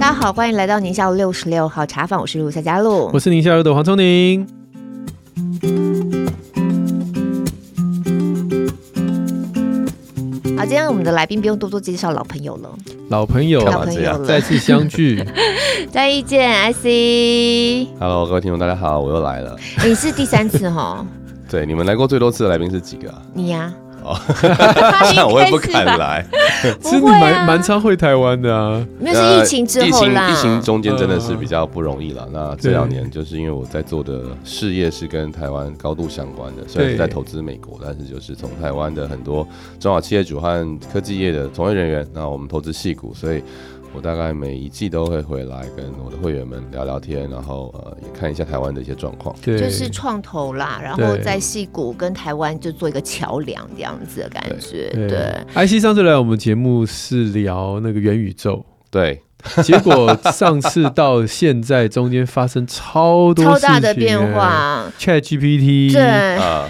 大家好，歡迎來到寧夏璐六十六號茶坊。我是夏嘉璐，我是寧夏璐的黃聰寧。好，今天我們的來賓不用多多介紹，老朋友了，老朋友啊，這樣再次相聚， 再見，IC。I see. Hello，各位聽眾，大家好，我又來了。欸、你是第三次哈？ 對，你們來過最多次的來賓是幾個啊？你呀。 我也不敢來，其實你蠻蠻超會台灣的啊。那是疫情之後疫情，疫情中間真的是比較不容易了，呃。那這兩年就是因為我在做的事業是跟台灣高度相關的，雖然是在投資美國，但是就是從台灣的很多中小企業主和科技業的從業人員，那我們投資矽谷，所以。我大概每一季都會回來跟我的會員們聊聊天，然後呃也看一下台灣的一些狀況，對，就是創投啦，然後在矽谷跟台灣就做一個橋梁這樣子的感覺。對，對，對，IC 上次來我們節目是聊那個元宇宙，對。結果上次到現在中間發生超多，欸、 超大的變化，Chat GPT 對，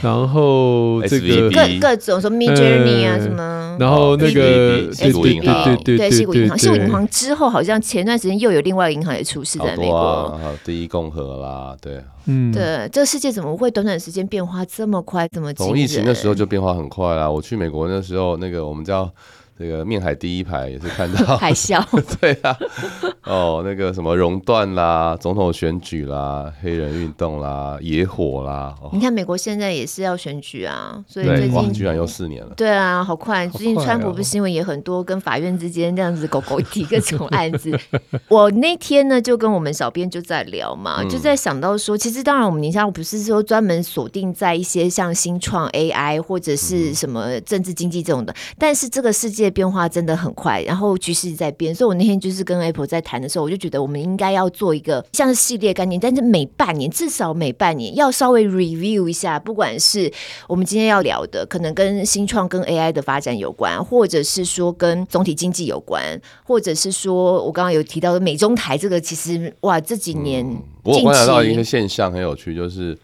然後這個、uh, 各 SVP, 各種 Me、啊嗯、什麼 Midjourney 啊什麼，然後那個 BBB, BB, S B B、啊、對，矽谷銀行。矽谷銀行之後好像前段時間又有另外一個銀行也出事，在美國，啊、第一共和啦，對，嗯對，這世界怎麼會短短時間變化這麼快這麼急？從疫情的時候就變化很快啦，我去美國那時候那個我們叫。這個面海第一排也是看到海嘯， 對啊， 哦，那個什麼熔斷啦，總統選舉啦，黑人運動啦，野火啦，哦。你看美國現在也是要選舉啊，所以最近居然又四年了。對啊，好快！好快啊，最近川普不是新聞也很多，跟法院之間這樣子狗狗一提各種案子。 我那天呢就跟我們小編就在聊嘛， 就在想到說，其實當然我們寧夏我不是說專門鎖定在一些像新創 AI 或者是什麼政治經濟這種的，嗯，但是這個世界。變化真的很快，然後局勢在變，所以我那天就是跟 Apple 在談的時候，我就覺得我們應該要做一個像是系列概念，但是每半年至少每半年要稍微 review 一下，不管是我們今天要聊的，可能跟新創跟 AI 的發展有關，或者是說跟總體經濟有關，或者是說我剛剛有提到的美中台這個，其實哇這幾年、嗯，我觀察到一個現象很有趣，就是。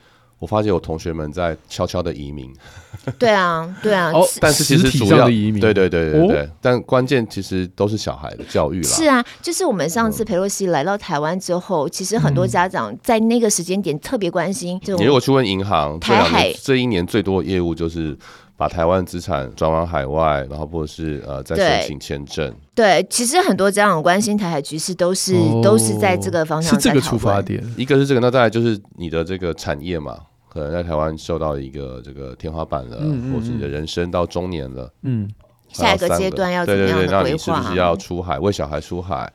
我發現有同學們在悄悄的移民，對啊，對啊、 哦，但是其實主要實的移民，對對對對對,對、哦，但關鍵其實都是小孩的教育了。是啊，就是我們上次裴洛西來到台灣之後、嗯，其實很多家長在那個時間點特別關心。你如果去問銀行，台海這一年最多的業務就是把台灣資產轉往海外，然後或者是呃再申請簽證對。對，其實很多家長關心台海局勢，都是、哦、都是在這個方向。是這個出發點，一個是這個，那再來就是你的這個產業嘛。可能在台灣受到一個這個天花板了，嗯嗯嗯，或是你的人生到中年了，嗯，還下一個階段要怎樣規劃？對對對，那你是不是要出海？為小孩出海？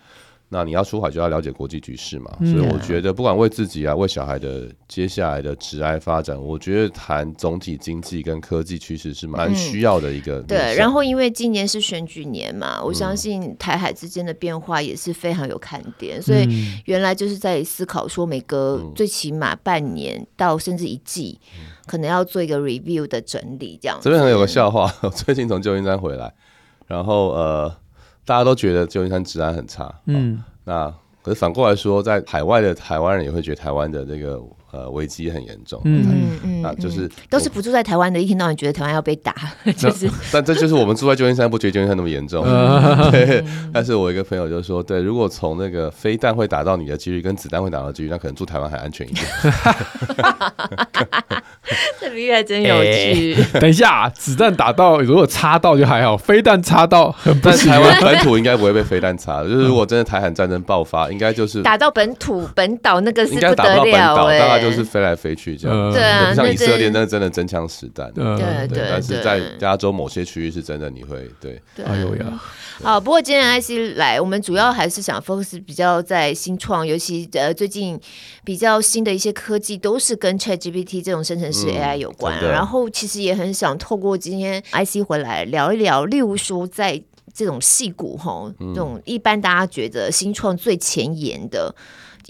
那你要出海就要了解國際局勢嘛、嗯，所以我覺得不管為自己啊，為小孩的接下來的職涯發展，嗯、我覺得談總體經濟跟科技趨勢是蠻需要的一個。對，然後因為今年是選舉年嘛，嗯、我相信台海之間的變化也是非常有看點、嗯，所以原來就是在思考說每隔最起碼半年到甚至一季，可能要做一個 review 的整理這樣子、嗯嗯嗯嗯。這邊有個笑話，我最近從舊金山回來，然後呃。大家都覺得舊金山治安很差，嗯，哦、那可是反過來說，在海外的台灣人也會覺得台灣的這個。呃，危機很嚴重。嗯嗯啊，就是都是不住在台灣的，一天到晚覺得台灣要被打，其實、 就是。但這就是我們住在舊金山不覺得舊金山那麼嚴重、 嗯。但是我一個朋友就說，對，如果從那個飛彈會打到你的幾率跟子彈會打到幾率，那可能住台灣還安全一點。哈 這比喻還真有趣。欸、 等一下，子彈打到如果擦到就還好，飛彈擦到很不行。但台灣本土應該不會被飛彈擦， 就是如果真的台海戰爭爆發，嗯、應該就是打到本土本島那個是不得了、欸。就是飛來飛去這樣，不、嗯、像以色列，那真的真槍實彈。對對,對,對,對,對,對,對,對，但是在加州某些區域是真的，你會對,對。哎呦呀！好、啊，不過今天 IC 來，我們主要還是想 focus 比較在新創，尤其呃最近比較新的一些科技都是跟 ChatGPT 這種生成式 AI 有關、啊嗯的。然後其實也很想透過今天 IC 回來聊一聊，例如說在這種矽谷哈，這種一般大家覺得新創最前沿的。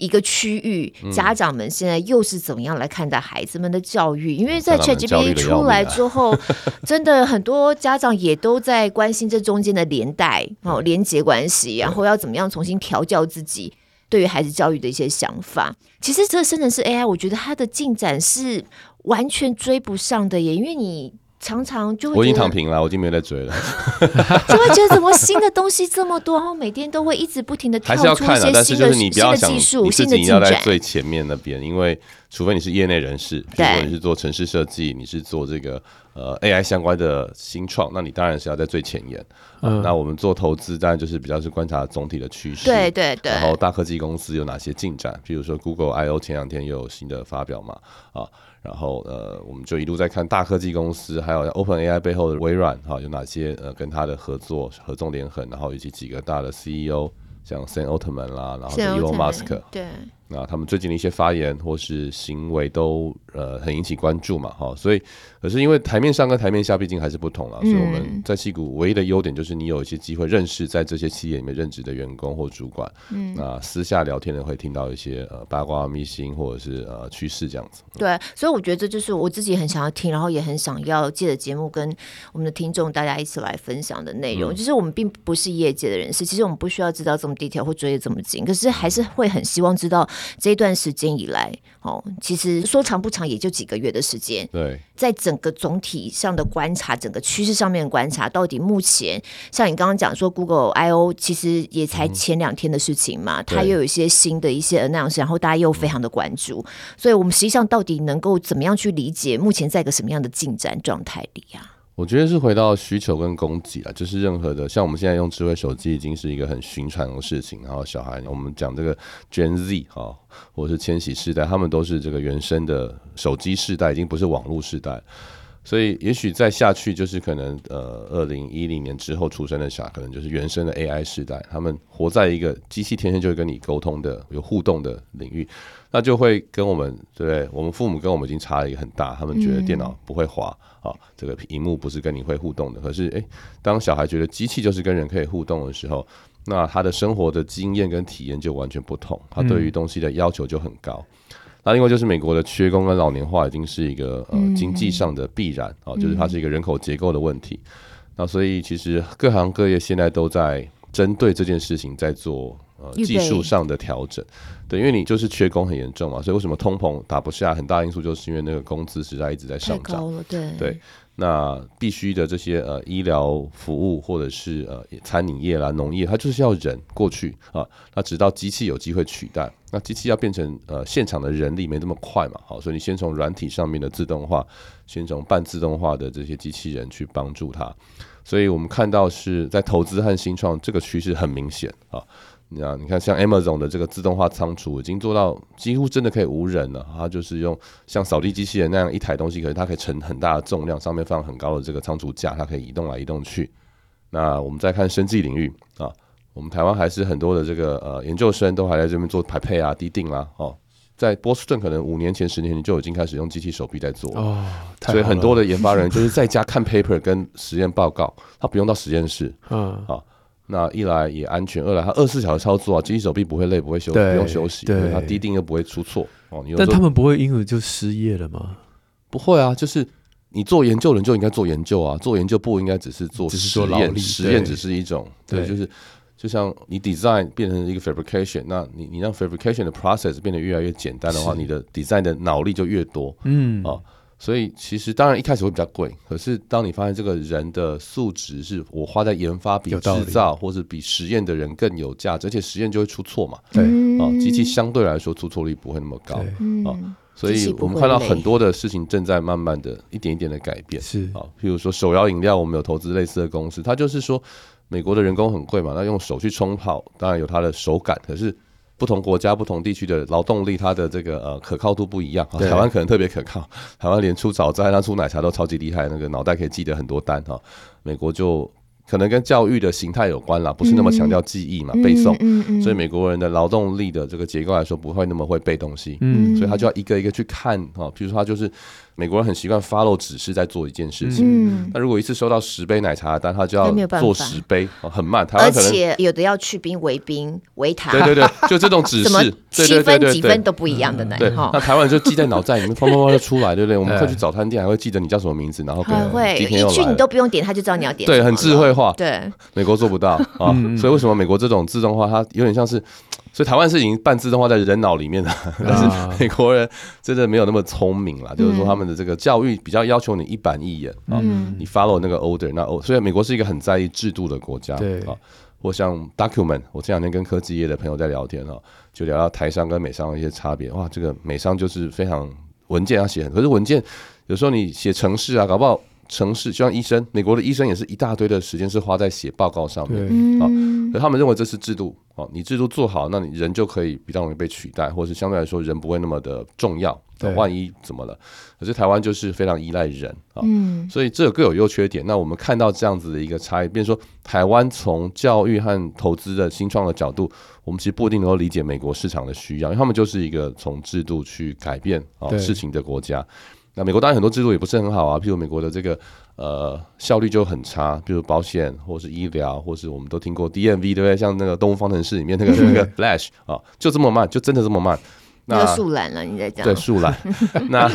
一個區域，家長們現在又是怎麼樣來看待孩子們的教育？嗯、因為在 ChatGPT 出來之後，嗯的啊、 真的很多家長也都在關心這中間的連帶、哦，連接關係，然後要怎麼樣重新調教自己對於孩子教育的一些想法。嗯嗯、其實，這個生成式 AI，我覺得它的進展是完全追不上的耶，因為你。常常就會。我已經躺平了，我已經沒有在追了 就會覺得怎麼新的東西這麼多，然後每天都會一直不停的，跳出一些新的。還是要看，但是就是你不要想，你自己要在最前面那邊，因為除非你是業內人士，比如你是做程式設計，你是做這個呃 AI 相關的新創，那你當然是要在最前沿。嗯。那我們做投資，當然就是比較是觀察總體的趨勢。對對對。然後大科技公司有哪些進展？比如說 Google I/O 前兩天又有新的發表嘛？啊。然後呃，我們就一路在看大科技公司，還有 OpenAI 背後的微軟，哈、啊，有哪些呃跟他的合作、合縱連橫，然後以及幾個大的 CEO，像 Sam Altman 啦，然後 Elon Musk，對。那、啊、他們最近的一些發言或是行為都呃很引起關注嘛哈，所以可是因為台面上跟台面下畢竟還是不同了，嗯，所以我們在矽谷唯一的優點就是你有一些機會認識在這些企業裡面任職的員工或主管，嗯，那、啊、私下聊天的會聽到一些呃八卦秘辛或者是呃趨勢這樣子，嗯。對，所以我覺得這就是我自己很想要聽，然後也很想要借着節目跟我們的聽眾大家一起來分享的內容。嗯、就是我們並不是業界的人士，其實我們不需要知道這麼 detail 或追得這麼緊，可是還是會很希望知道。這段時間以來，哦，其實說長不長，也就幾個月的時間。對，在整個總體上的觀察，整個趨勢上面的觀察，到底目前像你剛剛講說 Google I O，其實也才前兩天的事情嘛，嗯、它又有一些新的一些 announcement，然後大家又非常的關注、嗯，所以我們實際上到底能夠怎麼樣去理解目前在一個什麼樣的進展狀態裡呀、啊？我覺得是回到需求跟供給啊，就是任何的，像我們現在用智慧手機已經是一個很尋常的事情，然後小孩，我們講這個 Gen Z 啊，或是千禧世代，他們都是這個原生的手機世代，已經不是網絡世代。所以，也許再下去就是可能，呃，二零一零年之後出生的小孩，可能就是原生的 AI 時代。他們活在一個機器天天就跟你溝通的、有互動的領域，那就會跟我們，對不對？我們父母跟我們已經差了一個很大。他們覺得電腦不會滑啊、嗯哦，這個屏幕不是跟你會互動的。可是，誒、欸，當小孩覺得機器就是跟人可以互動的時候，那他的生活的經驗跟體驗就完全不同。他對於東西的要求就很高。嗯那另外就是美國的缺工跟老年化已經是一個呃經濟上的必然，嗯，啊，就是它是一個人口結構的問題。嗯，那所以其實各行各業現在都在針對這件事情在做。呃、技術上的調整，對，因為你就是缺工很嚴重嘛，所以為什麼通膨打不下？很大因素就是因為那個工資實在一直在上漲，對，對，那必須的這些呃醫療服務或者是呃餐飲業啦、農業，它就是要人過去啊。那直到機器有機會取代，那機器要變成呃現場的人力沒那麼快嘛，好、哦，所以你先從軟體上面的自動化，先從半自動化的這些機器人去幫助它。所以我們看到是在投資和新創這個趨勢很明顯啊。你看，像 Amazon 的這個自動化倉儲已經做到幾乎真的可以無人了。它就是用像掃地機器人那樣一台東西，可是它可以承很大的重量，上面放很高的這個倉儲架，它可以移動來移動去。那我們再看生技領域啊，我們台灣還是很多的這個呃研究生都還在這邊做排配啊、滴定啦、啊。哦、啊，在波士頓可能五年前、十年前就已經開始用機器手臂在做哦了，所以很多的研發人就是在家看 paper 跟實驗報告， 他不用到實驗室、啊。嗯，好。那一來也安全，二來他二十四小時操作啊，機器手臂不會累，不會休，不用休息，對，他滴定又不會出錯哦。但他們不會因為就失業了嗎？不會啊，就是你做研究人就應該做研究啊，做研究不應該只是做實驗，實驗只是一種對，對，就是就像你 design 變成一個 fabrication，那你你讓 fabrication 的 process 變得越來越簡單的話，你的 design 的腦力就越多，嗯啊。所以其實當然一開始會比較貴，可是當你發現這個人的素質是我花在研發比製造或是比實驗的人更有價值，而且實驗就會出錯嘛，對啊、嗯，機器相對來說出錯率不會那麼高啊、嗯，所以我們看到很多的事情正在慢慢的一點一點的改變，是啊，譬如說手搖飲料，我們有投資類似的公司，它就是說美國的人工很貴嘛，那用手去沖泡，當然有它的手感，可是。不同國家、不同地區的勞動力，它的這個呃可靠度不一樣。台灣可能特別可靠，台灣連出早餐、拿出奶茶都超級厲害，那個腦袋可以記得很多單哈。美國就可能跟教育的形態有關啦，不是那麼強調記憶嘛，嗯、背誦、嗯嗯嗯。所以美國人的勞動力的這個結構來說，不會那麼會背東西。嗯，嗯，所以他就要一個一個去看哈。比如說，他就是。美國人很習慣 follow 指示在做一件事情，嗯，那如果一次收到十杯奶茶的單，他就要做十杯，欸哦，很慢。他而且有的要去冰、微冰、微糖，對對對，就這種指示， 七分、幾分都不一樣的奶茶，嗯嗯嗯。那台灣人就記在腦袋裡面，砰砰砰就出來，對不對？我們會去早餐店還會記得你叫什麼名字，然後很會一句你都不用點，他就知道你要點。對，很智慧化。哦，對，美國做不到啊，哦嗯，所以為什麼美國這種自動化，它有點像是。所以台灣是已經半自動化，在人腦裡面了，但是美國人真的沒有那麼聰明啦。就是說他們的這個教育比較要求你一板一眼。啊，你 follow 那個 order，那歐雖然美國是一個很在意制度的國家，對啊，我像 document，我這兩天跟科技業的朋友在聊天哦，就聊到台商跟美商的一些差別。哇，這個美商就是非常文件要寫很多，可是文件有時候你寫程式啊，搞不好。城市就像醫生，美國的醫生也是一大堆的時間是花在寫報告上面啊。可他們認為這是制度啊，你制度做好，那你人就可以比較容易被取代，或者是相對來說人不會那麼的重要。啊、萬一怎麼了？可是台灣就是非常依賴人啊、嗯，所以這各有優缺點。那我們看到這樣子的一個差異，比如說台灣從教育和投資的新創的角度，我們其實不一定能夠理解美國市場的需要，因為他們就是一個從制度去改變啊事情的國家。那美國當然很多制度也不是很好啊，譬如美國的這個呃效率就很差，比如保險或是醫療，或是我們都聽過 DMV 對不對？像那個《動物方城市》裡面那個 那個 Flash 啊、哦，就這麼慢，就真的這麼慢。就樹懶了你在講，對樹懶 那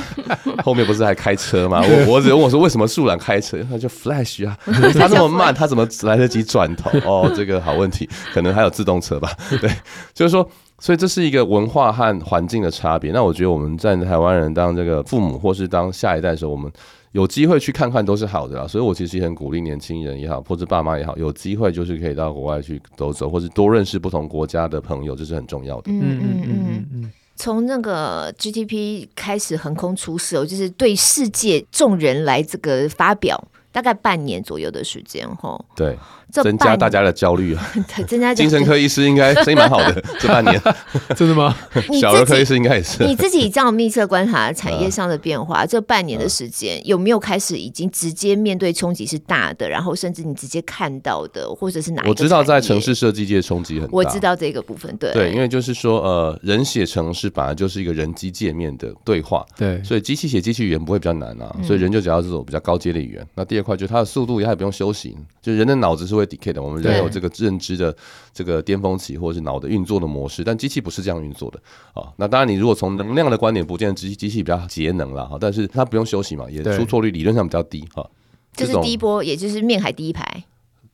後面不是還開車嗎 我我只問我說為什麼樹懶開車，他就 flash 啊？他 那麼慢，他怎麼來得及轉頭？ 哦，這個好問題，可能還有自動車吧？對，就是說，所以這是一個文化和環境的差別。那我覺得我們在台灣人當這個父母或是當下一代的時候，我們有機會去看看都是好的啦。所以我其實很鼓勵年輕人也好，或者爸媽也好，有機會就是可以到國外去走走，或是多認識不同國家的朋友，這、就是很重要的。嗯嗯嗯嗯嗯。嗯嗯從那個 GPT 開始橫空出世，就是對世界眾人來這個發表。大概半年左右的時間，吼，對，增加大家的焦慮啊，對，增加、就是、精神科醫師應該生意蠻好的， 這半年 真的嗎？小兒科醫師應該也是。你自己這樣密切觀察產業上的變化，啊、這半年的時間、啊、有沒有開始已經直接面對衝擊是大的？然後甚至你直接看到的，或者是哪一？我知道在程式設計界衝擊很大。我知道這個部分，對，對因為就是說，呃，人寫程式本來就是一個人機界面的對話，對，所以機器寫機器語言不會比較難啊，嗯、所以人就只要這種比較高階的語言。那第二。快，就它的速度也還不用休息，就是人的腦子是會 decay 的。我們人有這個認知的這個巔峰期，或者是腦的運作的模式，但機器不是這樣運作的啊、哦。那當然，你如果從能量的觀點不見得，機器機器比較節能了哈。但是它不用休息嘛，也出錯率理論上比較低哈。這是第一波，也就是面海第一排。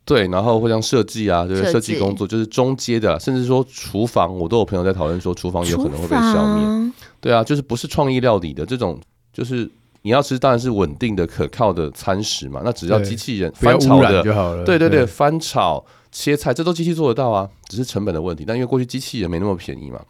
對，然後會像設計啊，就是設、設計工作，就是中階的，甚至說廚房，我都有朋友在討論說廚房有可能會被消滅。對啊，就是不是創意料理的這種，就是。你要吃當然是穩定的、可靠的餐食嘛。那只要機器人翻炒的就好了。對對對，對翻炒切菜這都機器做得到啊，只是成本的問題。但因為過去機器人沒那麼便宜嘛。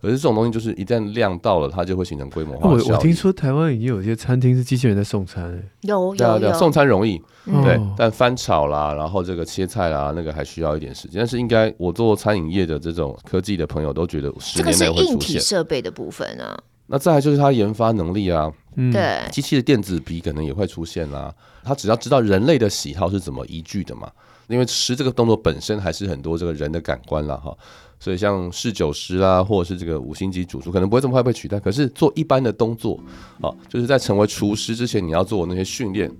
可是這種東西就是一旦量到了，它就會形成規模化。我我聽說台灣已經有些餐廳是機器人在送餐、欸，有有有、啊啊、送餐容易，對、嗯，但翻炒啦，然後這個切菜啦，那個還需要一點時間。但是應該我做餐飲業的這種科技的朋友都覺得十年內會出，這個是硬體設備的部分啊。那再來就是它研發能力啊，對、嗯，機器的電子鼻可能也會出現啦、啊。它只要知道人類的喜好是怎麼依據的嘛，因為吃這個動作本身還是很多這個人的感官啦。哈。所以像侍酒師啊，或者是這個五星級主廚，可能不會這麼快被取代。可是做一般的動作啊，就是在成為廚師之前，你要做那些訓練，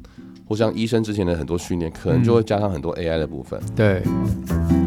或像醫生之前的很多訓練，可能就會加上很多 AI 的部分。嗯、對。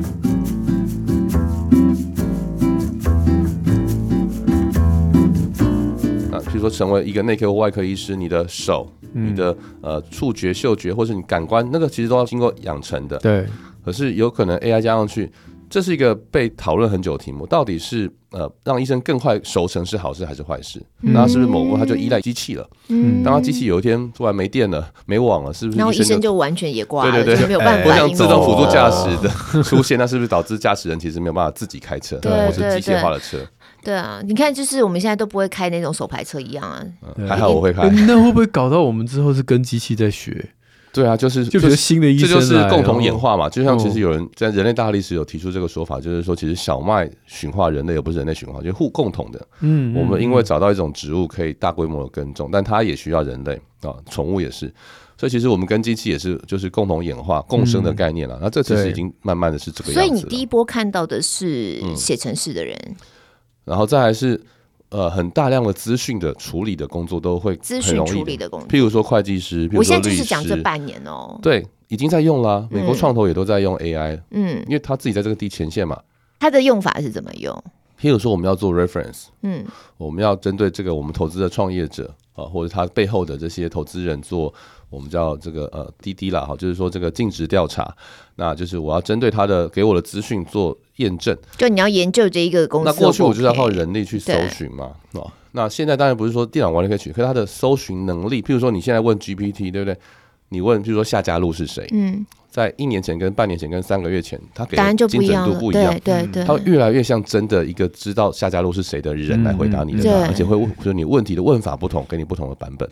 比如說，成為一個內科或外科醫師，你的手、嗯、你的、呃、觸覺、嗅覺，或是你感官，那個其實都要經過養成的。對。可是有可能 AI 加上去，這是一個被討論很久的題目。到底是呃讓醫生更快熟成是好事還是壞事？那、嗯、是不是某個他就依賴機器了？嗯。當他機器有一天突然沒電了、沒網了，是不是？然後醫生就完全也掛了，對對對，沒有辦法。我想自動輔助駕駛的、欸、出現， 那是不是導致駕駛人其實沒有辦法自己開車？對對、對，對，或是機械化的車。對啊，你看，就是我們現在都不會開那種手排車一樣啊。還好我會開。那會不會搞到我們之後是跟機器在學？對啊，就是就是就比如新的意思，這就是共同演化嘛。哦、就像其實有人在人類大歷史有提出這個說法，哦、就是說其實小麥馴化人類也不是人類馴化，就是互共同的。嗯，我們因為找到一種植物可以大規模的耕種、嗯，但它也需要人類啊，寵物也是。所以其實我們跟機器也是就是共同演化共生的概念啦。那、嗯、這其實已經慢慢的是這個樣子。所以你第一波看到的是寫程式的人。嗯然後再還是呃很大量的資訊的處理的工作都會資訊處理的工作，譬如說會計師，譬如說律師，我現在就是講這半年哦，對，已經在用啦。美國創投也都在用 AI，嗯，因為他自己在這個地前線嘛，他的用法是怎麼用？譬如說我們要做 reference，嗯，我們要針對這個我們投資的創業者啊、呃，或者他背後的這些投資人做，我們叫這個呃 DD 啦，哈，就是說這個盡職調查，那就是我要針對他的給我的資訊做。驗證，就你要研究這一個公司，那過去我就是要靠人力去搜尋嘛，哦，那現在當然不是說電腦完全可以取，可是它的搜尋能力，譬如說你現在問 GPT，對不對？你問譬如說夏嘉璐是誰？嗯，在一年前、跟半年前、跟三個月前，他答案就不一樣了，不一樣，對對，嗯、會越來越像真的一個知道夏嘉璐是誰的人來回答你的答、嗯對，而且會問就是你問題的問法不同，給你不同的版本。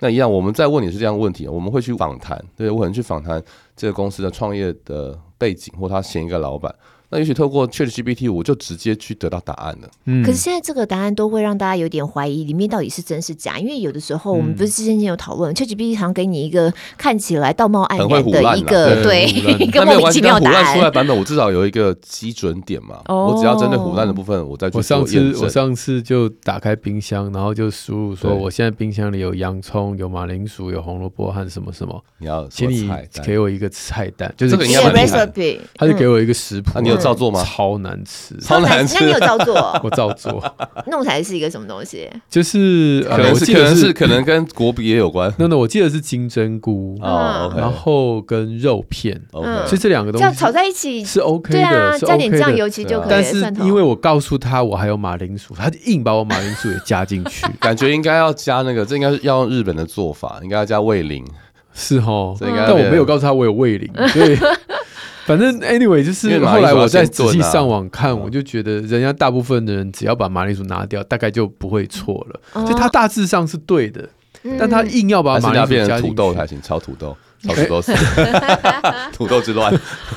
那一樣，我們在問你是這樣的問題，我們會去訪談，對不對？我可能去訪談這個公司的創業的背景或他前一個老闆。那也許透過 Chat GPT，我就直接去得到答案了。嗯，可是現在這個答案都會讓大家有點懷疑，裡面到底是真是假？因為有的時候我們不是之前有討論，Chat GPT 常給你一個看起來道貌岸然的一個很壞壞對一個莫名其妙答案出來版本。我至少有一個基準點嘛，哦、我只要針對壞蛋的部分，我再去做我上次我上次就打開冰箱，然後就輸入說我現在冰箱裡有洋蔥、有馬鈴薯、有紅蘿蔔和什麼什麼。你要請你給我一個菜單，就是你要。recipe 他就給我一個食譜。嗯照做嗎？超難吃，超難吃。那你有照做？ 我照做。弄出來是一個什麼東西？就是可能、呃、可能是，是，可，能是、嗯、可能跟國別有關。那、no, no, 我記得是金針菇，oh, okay. 然後跟肉片。Okay. 嗯，其實這兩個東西這樣炒在一起是 OK，對、啊、是 OK 的，加點醬油其實就可以、啊。但是因為我告訴他我還有馬鈴薯，啊、他就硬把我馬鈴薯也加進去， 感覺應該要加那個，這應該是要用日本的做法，應該要加味淋。是哦，但我沒有告訴他我有味淋。對。 反正 anyway 就是後來我在仔細上網看、啊，我就覺得人家大部分的人只要把馬鈴薯拿掉，大概就不會錯了。就、嗯、他大致上是對的，嗯、但他硬要把馬鈴薯變成土豆才行，炒土豆，炒土豆絲，欸、 土豆之亂。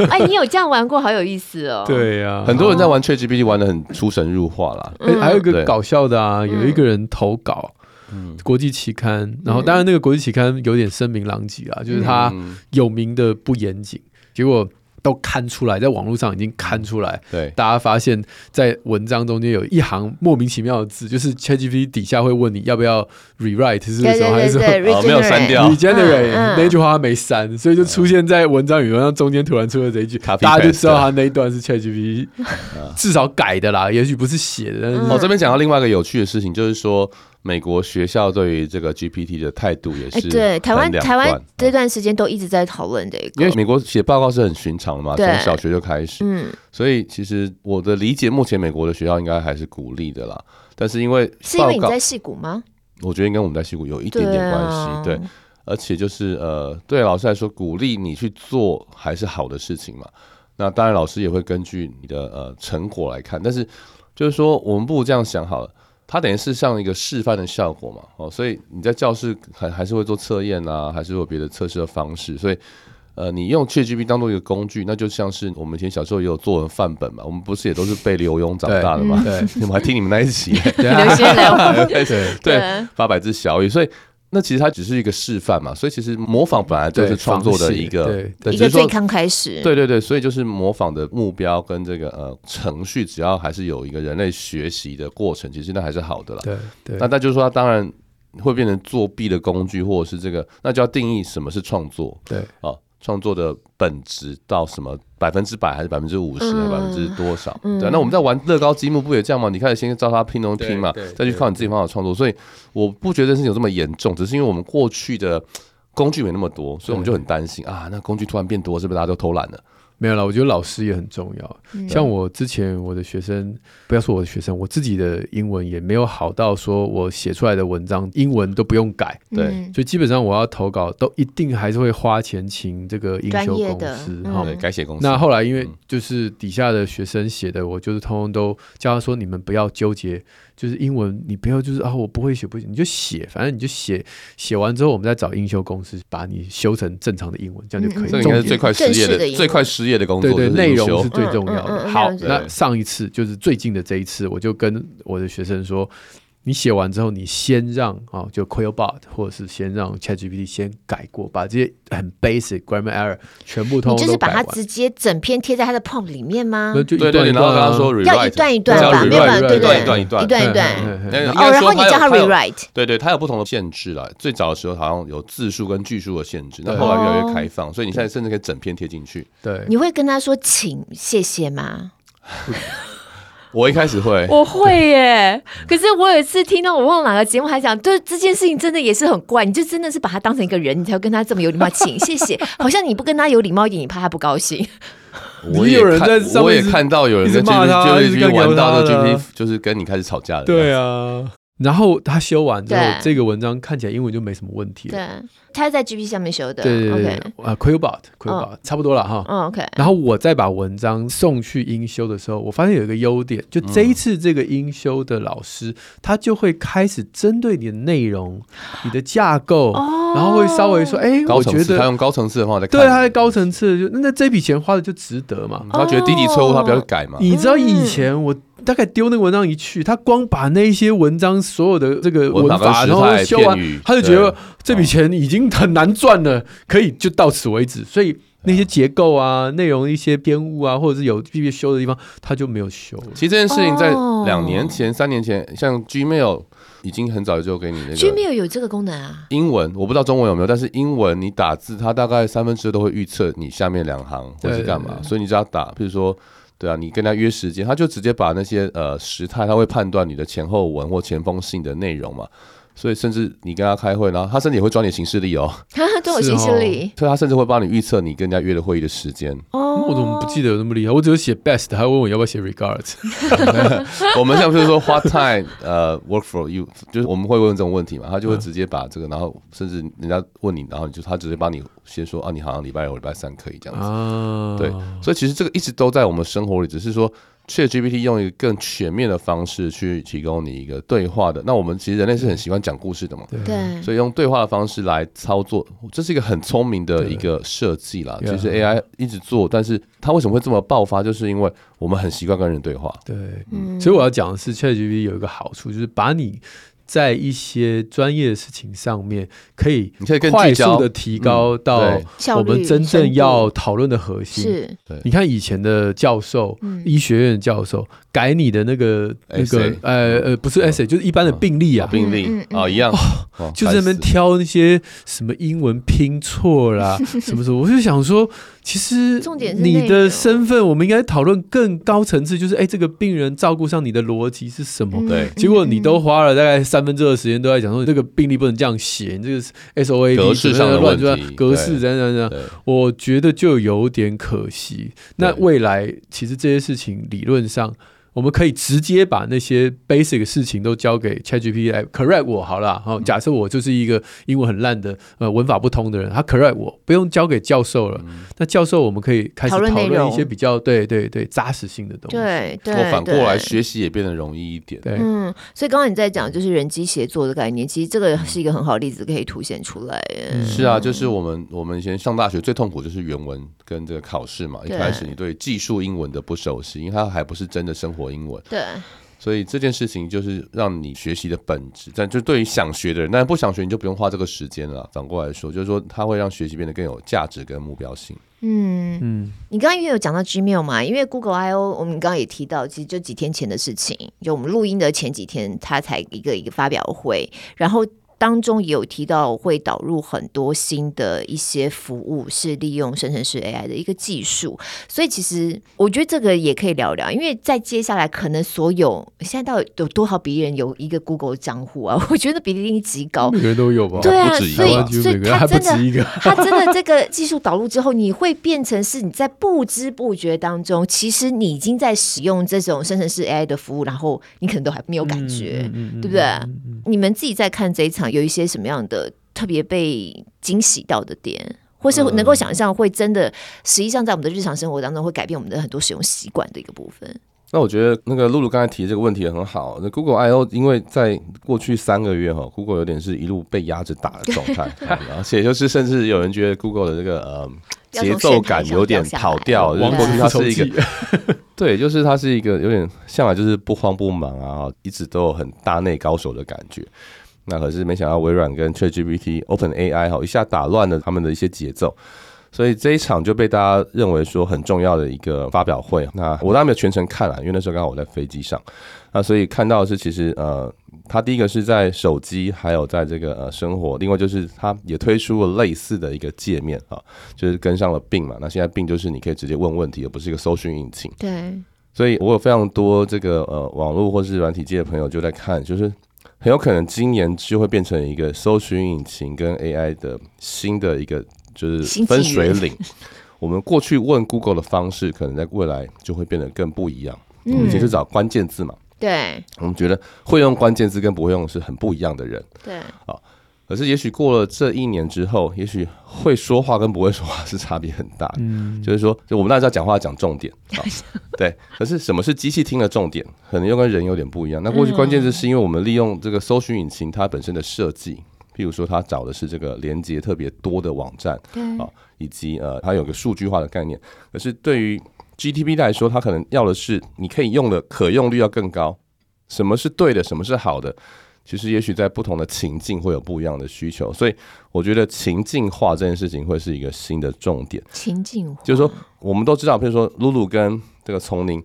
哎，你有這樣玩過，好有意思哦。對呀、啊，很多人在玩 ChatGPT，玩得很出神入化啦。還、嗯、還有一個搞笑的啊，嗯、有一個人投稿、嗯、國際期刊，然後當然那個國際期刊有點聲名狼藉啊、嗯，就是他有名的不嚴謹、嗯，結果。都刊出來，在網絡上已經刊出來。對，大家發現，在文章中間有一行莫名其妙的字，就是 ChatGPT 底下會問你要不要 rewrite 是時候還是說沒有刪掉？regenerate, regenerate、嗯、那句話他沒刪、嗯，所以就出現在文章語文上中間突然出了這一句，Copy、大家就知道他那一段是 ChatGPT，、嗯、 至少改的啦，也許不是寫的。我、嗯哦、這邊講到另外一個有趣的事情，就是說。美國學校對於這個 GPT 的態度也是、欸、對台灣台灣這段時間都一直在討論這個，因為美國寫報告是很尋常的嘛，從小學就開始。嗯，所以其實我的理解，目前美國的學校應該還是鼓勵的啦。但是因為報告，是因為你在矽谷嗎？我覺得應該我們在矽谷有一點點關係、啊。對，而且就是呃，對老師來說，鼓勵你去做還是好的事情嘛。那當然，老師也會根據你的呃成果來看。但是就是說，我們不如這樣想好了。它等於是像一個示範的效果嘛，哦，所以你在教室還還是會做測驗啊，還是會有別的測試的方式，所以，呃，你用 ChatGPT 當做一個工具，那就像是我們以前小時候也有作文範本嘛，我們不是也都是被劉墉長大的嘛，對，我們還聽你們那一期 行人， 對對、啊、對，八百字小語，所以。那其實它只是一個示範嘛，所以其實模仿本來就是創作的一個一個最剛開始，對對對，所以就是模仿的目標跟這個呃程序，只要還是有一個人類學習的過程，其實那還是好的啦。對對，那那就是說，它當然會變成作弊的工具，或者是這個，那就要定義什麼是創作。對啊。哦創作的本質到什麼百分之百還是百分之五十還是百分之多少？嗯，對，嗯，那我們在玩樂高積木不也這樣嗎？你開始先照他拼東拼嘛，再去靠你自己方法創作。對對對。所以我不覺得事情有這麼嚴重，只是因為我們過去的工具沒那麼多，所以我們就很擔心，對對對，啊，那工具突然變多是不是大家都偷懶了？沒有了，我覺得老師也很重要、嗯。像我之前我的學生，不要說我的學生，我自己的英文也沒有好到，說我寫出來的文章英文都不用改。對、嗯，所以基本上我要投稿，都一定還是會花錢請這個英修公司、嗯，對，改寫公司。那後來因為就是底下的學生寫的，我就是通通都叫他說：你們不要糾結。就是英文，你不要就是啊，我不會寫，不行你就寫，反正你就寫，寫完之後我們再找英修公司把你修成正常的英文，嗯、這樣就可以了。這、嗯嗯、應該是最快失業的，的，最快失業的工作。對對，對，內容是最重要的。嗯嗯嗯、好，那上一次就是最近的這一次，我就跟我的學生說。你寫完之後，你先讓啊、哦，就 Quillbot 或者是先讓 ChatGPT 先改過，把這些很 basic grammar error 全部通過。你就是把它直接整篇貼在它的 prompt 裡面嗎？一段一段啊、對，對對，然後跟它說 rewrite，要一段一段吧，嗯、沒有辦，辦，辦，辦，辦，辦法，對對，對，一段一段一段。哦，oh, 然後你叫它 rewrite，對對，它有不同的限制了。最早的時候好像有字數跟句數的限制，那、哦、後來越來越開放，所以你現在甚至可以整篇貼進去。對。對，你會跟他說請謝謝嗎？我一開始會，我會耶。可是我有一次聽到，我忘了哪個節目，還講，對這件事情真的也是很怪。你就真的是把他當成一個人，你才要跟他這麼有禮貌。請謝謝，好像你不跟他有禮貌一點，你怕他不高興。我也看，我也看到有人跟 GPT 就是跟你開始吵架了。對啊。然後他修完之後，這個文章看起來英文就沒什麼問題了。對，他在 G P 上面修的。對對對，對，啊、okay, uh, Quillbot, Quillbot、哦、差不多了哈。嗯、哦、，OK。然後我再把文章送去英修的時候，我發現有一個優點，就這一次這個英修的老師、嗯，他就會開始針對你的內容、嗯、你的架構、哦，然後會稍微說：“哎，我覺得他用高層次的話，在對，他在高層次，就那這筆錢花的就值得嘛。嗯、他覺得低級錯誤他不要改嘛。哦嗯、你知道以前我。”大概丟那個文章一去，他光把那一些文章所有的這個文法，文法然後修完，他就覺得這筆錢已經很難賺了、嗯，可以就到此為止。所以那些結構啊、嗯、內容一些編物啊，或者是有必須修的地方，他就沒有修。其實這件事情在兩年前、oh、三年前，像 Gmail 已經很早就給你那個 Gmail 有這個功能啊？英文我不知道中文有沒有，但是英文你打字，它大概三分之二都會預測你下面兩行或者是幹嘛，對對對，所以你只要打，比如說。對啊，你跟他約時間，他就直接把那些呃時態，他會判斷你的前後文或前封信的內容嘛。所以，甚至你跟他開會呢，然後他甚至也會抓你的行事曆哦，他都有行事曆，哦，所以他甚至會幫你預測你跟人家約的會議的時間哦，嗯。我怎麼不記得有那麼厲害？我只有寫 best，還問我要不要寫 regards。 我們像不是說， what time，呃，work for you，就是我們會問這種問題嘛，他就會直接把這個，然後甚至人家問你，然後他就他直接幫你先說啊，你好像禮拜二、禮拜三可以這樣子，哦。對，所以其實這個一直都在我們生活裡，只是說。ChatGPT 用一個更全面的方式去提供你一個對話的，那我們其實人類是很喜歡講故事的嘛，對，所以用對話的方式來操作，這是一個很聰明的一個設計啦。其實、就是、AI 一直做，但是它為什麼會這麼爆發，就是因為我們很習慣跟人對話，對，嗯。所以我要講的是，ChatGPT 有一個好處，就是把你。在一些專業的事情上面，可以快速的提高到我們真正要討論的核心。是、嗯，你看以前的教授，醫學院的教授改你的那個那個呃呃，不是 essay，、哦、就是一般的病例啊，哦、病例啊、哦、一樣、哦哦，就在那邊挑那些什麼英文拼錯啦， 什麼什麼，我就想說。其實，重點是你的身份。我們應該討論更高層次，就是哎、欸，這個病人照顧上你的邏輯是什麼？對、嗯，結果你都花了大概三分之二時間都在講說，這個病例不能這樣寫，你這個 SOA 格式上的亂，對格式怎樣怎樣？我覺得就有點可惜。那未來，其實這些事情理論上。我們可以直接把那些 basic 事情都交給 ChatGPT 來 correct 我好了。好、嗯，假設我就是一個英文很爛的，呃，文法不通的人，他 correct 我，不用交給教授了、嗯。那教授我們可以開始討論一些比較對對對扎實性的東西，對。後反過來學習也變得容易一點。對，對對嗯，所以剛剛你在講就是人機協作的概念，其實這個是一個很好的例子可以凸顯出來、嗯。是啊，就是我們我們以前上大學最痛苦就是原文跟這個考試嘛。一開始你對技術英文的不熟悉，因為它還不是真的生活。英文對，所以這件事情就是讓你學習的本質，但就對於想學的人，但不想學你就不用花這個時間了。反過來說，就是說它會讓學習變得更有價值跟目標性。嗯嗯，你剛剛也有講到 Gmail 嘛，因為 Google I O 我們剛剛也提到，其實就幾天前的事情，就我們錄音的前幾天，他才一個一個發表會，然後。當中也有提到會導入很多新的一些服務，是利用生成式 AI 的一個技術。所以其實我覺得這個也可以聊聊，因為在接下來可能所有現在到底有多少比例人有一個 Google 賬戶啊？我覺得比例已經極高，每個人都有吧？對啊，啊、所以所以他真的，他真的這個技術導入之後，你會變成是你在不知不覺當中，其實你已經在使用這種生成式 AI 的服務，然後你可能都還沒有感覺、嗯嗯嗯，對不對？你們自己在看這一場。有一些什麼樣的特別被驚喜到的點，或是能夠想象會真的，實際上在我們的日常生活當中會改變我們的很多使用習慣的一個部分。嗯、那我覺得，那個璐璐剛才提這個問題也很好。Google I/O，因為在過去三個月哈，Google 有點是一路被壓着打的狀態、 嗯，而且就是甚至有人覺得 Google 的這個呃節、嗯、 奏感有點跑掉，掉。就是它是一個，對，是 對就是它是一個有點向來就是不慌不忙啊，一直都有很大內高手的感覺。那可是沒想到，微軟跟 ChatGPT、OpenAI 哈，一下打亂了他們的一些節奏，所以這一場就被大家認為說很重要的一個發表會。那我當然沒有全程看啊，因為那時候剛好我在飛機上，那所以看到的是其實呃，他第一個是在手機，還有在這個呃生活，另外就是他也推出了類似的一個界面啊，就是跟上了 Bing 嘛。那現在 Bing 就是你可以直接問問題，而不是一個搜尋引擎。對，所以我有非常多這個呃網絡或是軟體界的朋友就在看，就是。很有可能今年就會變成一個搜尋引擎跟 AI 的新的一個就是分水嶺。 我們過去問 Google 的方式，可能在未來就會變得更不一樣。我們以前去找關鍵字嘛？對，我們覺得會用關鍵字跟不會用是很不一樣的人。對，好。可是，也許過了這一年之後，也許會說話跟不會說話是差別很大的。嗯，就是說，就我們大家講話講重點、 哦，對。可是，什麼是機器聽的重點？可能又跟人有點不一樣。那過去關鍵是因為我們利用這個搜尋引擎，它本身的設計，譬、嗯、如說，它找的是這個連接特別多的網站，啊、嗯哦，以及呃，它有個數據化的概念。可是，對於 GPT 來說，它可能要的是你可以用的可用率要更高。什麼是對的？什麼是好的？其實，也許在不同的情境會有不一樣的需求，所以我覺得情境化這件事情會是一個新的重點。情境化，就是說我們都知道，比如說露露跟這個叢林，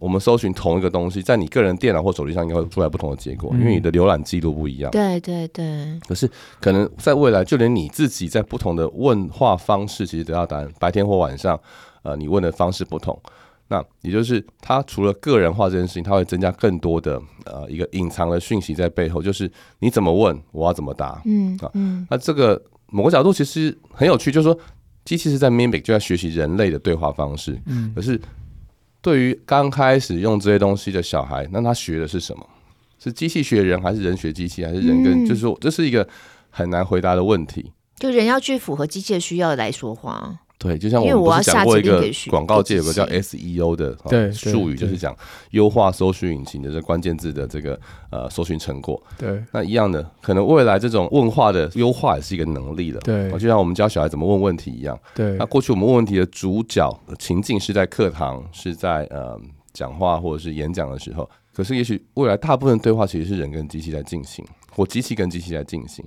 我們搜尋同一個東西，在你個人電腦或手機上應該會出來不同的結果，嗯、因為你的瀏覽記錄不一樣。對對對。可是，可能在未來，就連你自己在不同的問話方式，其實得到答案。白天或晚上，呃，你問的方式不同。那也就是，他除了個人化這件事情，他會增加更多的呃一個隱藏的訊息在背後，就是你怎麼問，我要怎麼答，嗯，嗯啊，那這個某個角度其實很有趣，就是說，機器是在 mimic 就在學習人類的對話方式，嗯，可是對於剛開始用這些東西的小孩，那他學的是什麼？是機器學人，還是人學機器，還是人跟、嗯？就是說，這是一個很難回答的問題。就人要去符合機器的需要的來說話。對，就像我們不是講過一個廣告界有個叫 SEO 的術語、啊，就是講優化搜尋引擎的這個關鍵字的這個呃搜尋成果。對，那一樣的，可能未來這種問話的優化也是一個能力了。對，就像我們教小孩怎麼問問題一樣。對，對那過去我們問問題的主角的情境是在課堂，是在呃講話或者是演講的時候。可是也許未來大部分對話其實是人跟機器在進行，或機器跟機器在進行。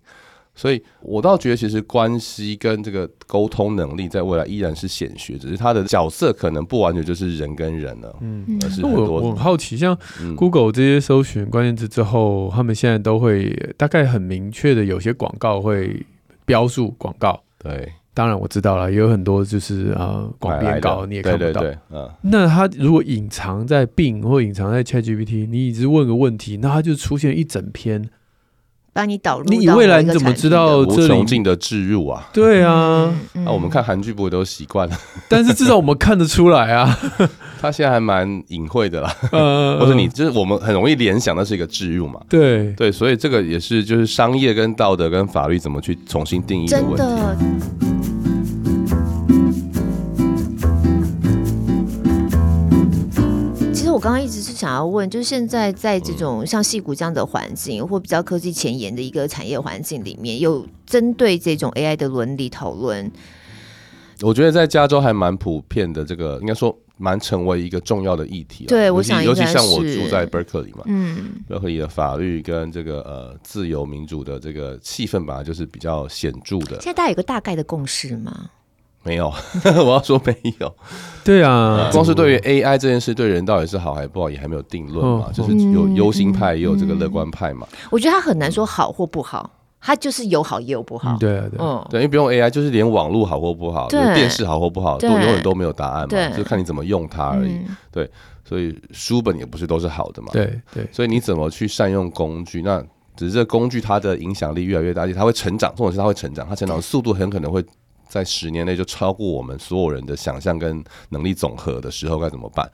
所以我倒覺得，其實關係跟這個溝通能力，在未來依然是顯學，只是他的角色可能不完全就是人跟人了。嗯，那、嗯、我我很好奇，像 Google 這些搜尋關鍵字之後、嗯，他們現在都會大概很明確的，有些廣告會標注廣告。對，當然我知道了，也有很多就是啊廣、呃、編稿，你也看不到。對對對嗯、那它如果隱藏在 Bing，或隱藏在 ChatGPT，你一直問個問題，那它就出現一整篇。幫你導入到你，未來你怎麼知道無窮盡的置入啊！對、嗯、啊、那、嗯嗯啊、我們看韓劇不都習慣了？但是至少我們看得出來啊， 他現在還蠻隱晦的了、嗯，或者你這、就是、我們很容易聯想，到是一個置入嘛？對對，所以這個也是就是商業跟道德跟法律怎麼去重新定義的問題。真的剛剛一直是想要問，就是現在在這種像矽谷這樣的環境、嗯，或比較科技前沿的一個產業環境裡面，有針對這種 AI 的倫理討論。我覺得在加州還蠻普遍的，這個應該說蠻成為一個重要的議題、哦。對我想，尤其像我住在 Berkeley 嘛，嗯，Berkeley 的法律跟這個呃自由民主的這個氣氛吧，就是比較顯著的。現在大家有個大概的共識嗎？沒有， 我要說沒有。對啊，嗯、光是對於 A I 這件事，對人到底是好還是不好，也還沒有定論嘛。哦嗯、就是有憂心派，也有這個樂觀派嘛、嗯嗯。我覺得他很難說好或不好，他就是有好也有不好。嗯、對啊，對啊，嗯，因為不用 A I，就是連網絡好或不好，就是、電視好或不好，都永遠都沒有答案嘛。就看你怎麼用它而已、嗯。對，所以書本也不是都是好的嘛。對對，所以你怎麼去善用工具？那只是這工具它的影響力越來越大，而且它會成長，或者是它會成長，它成長的速度很可能會。在十年內就超過我們所有人的想象跟能力總和的時候該怎麼辦？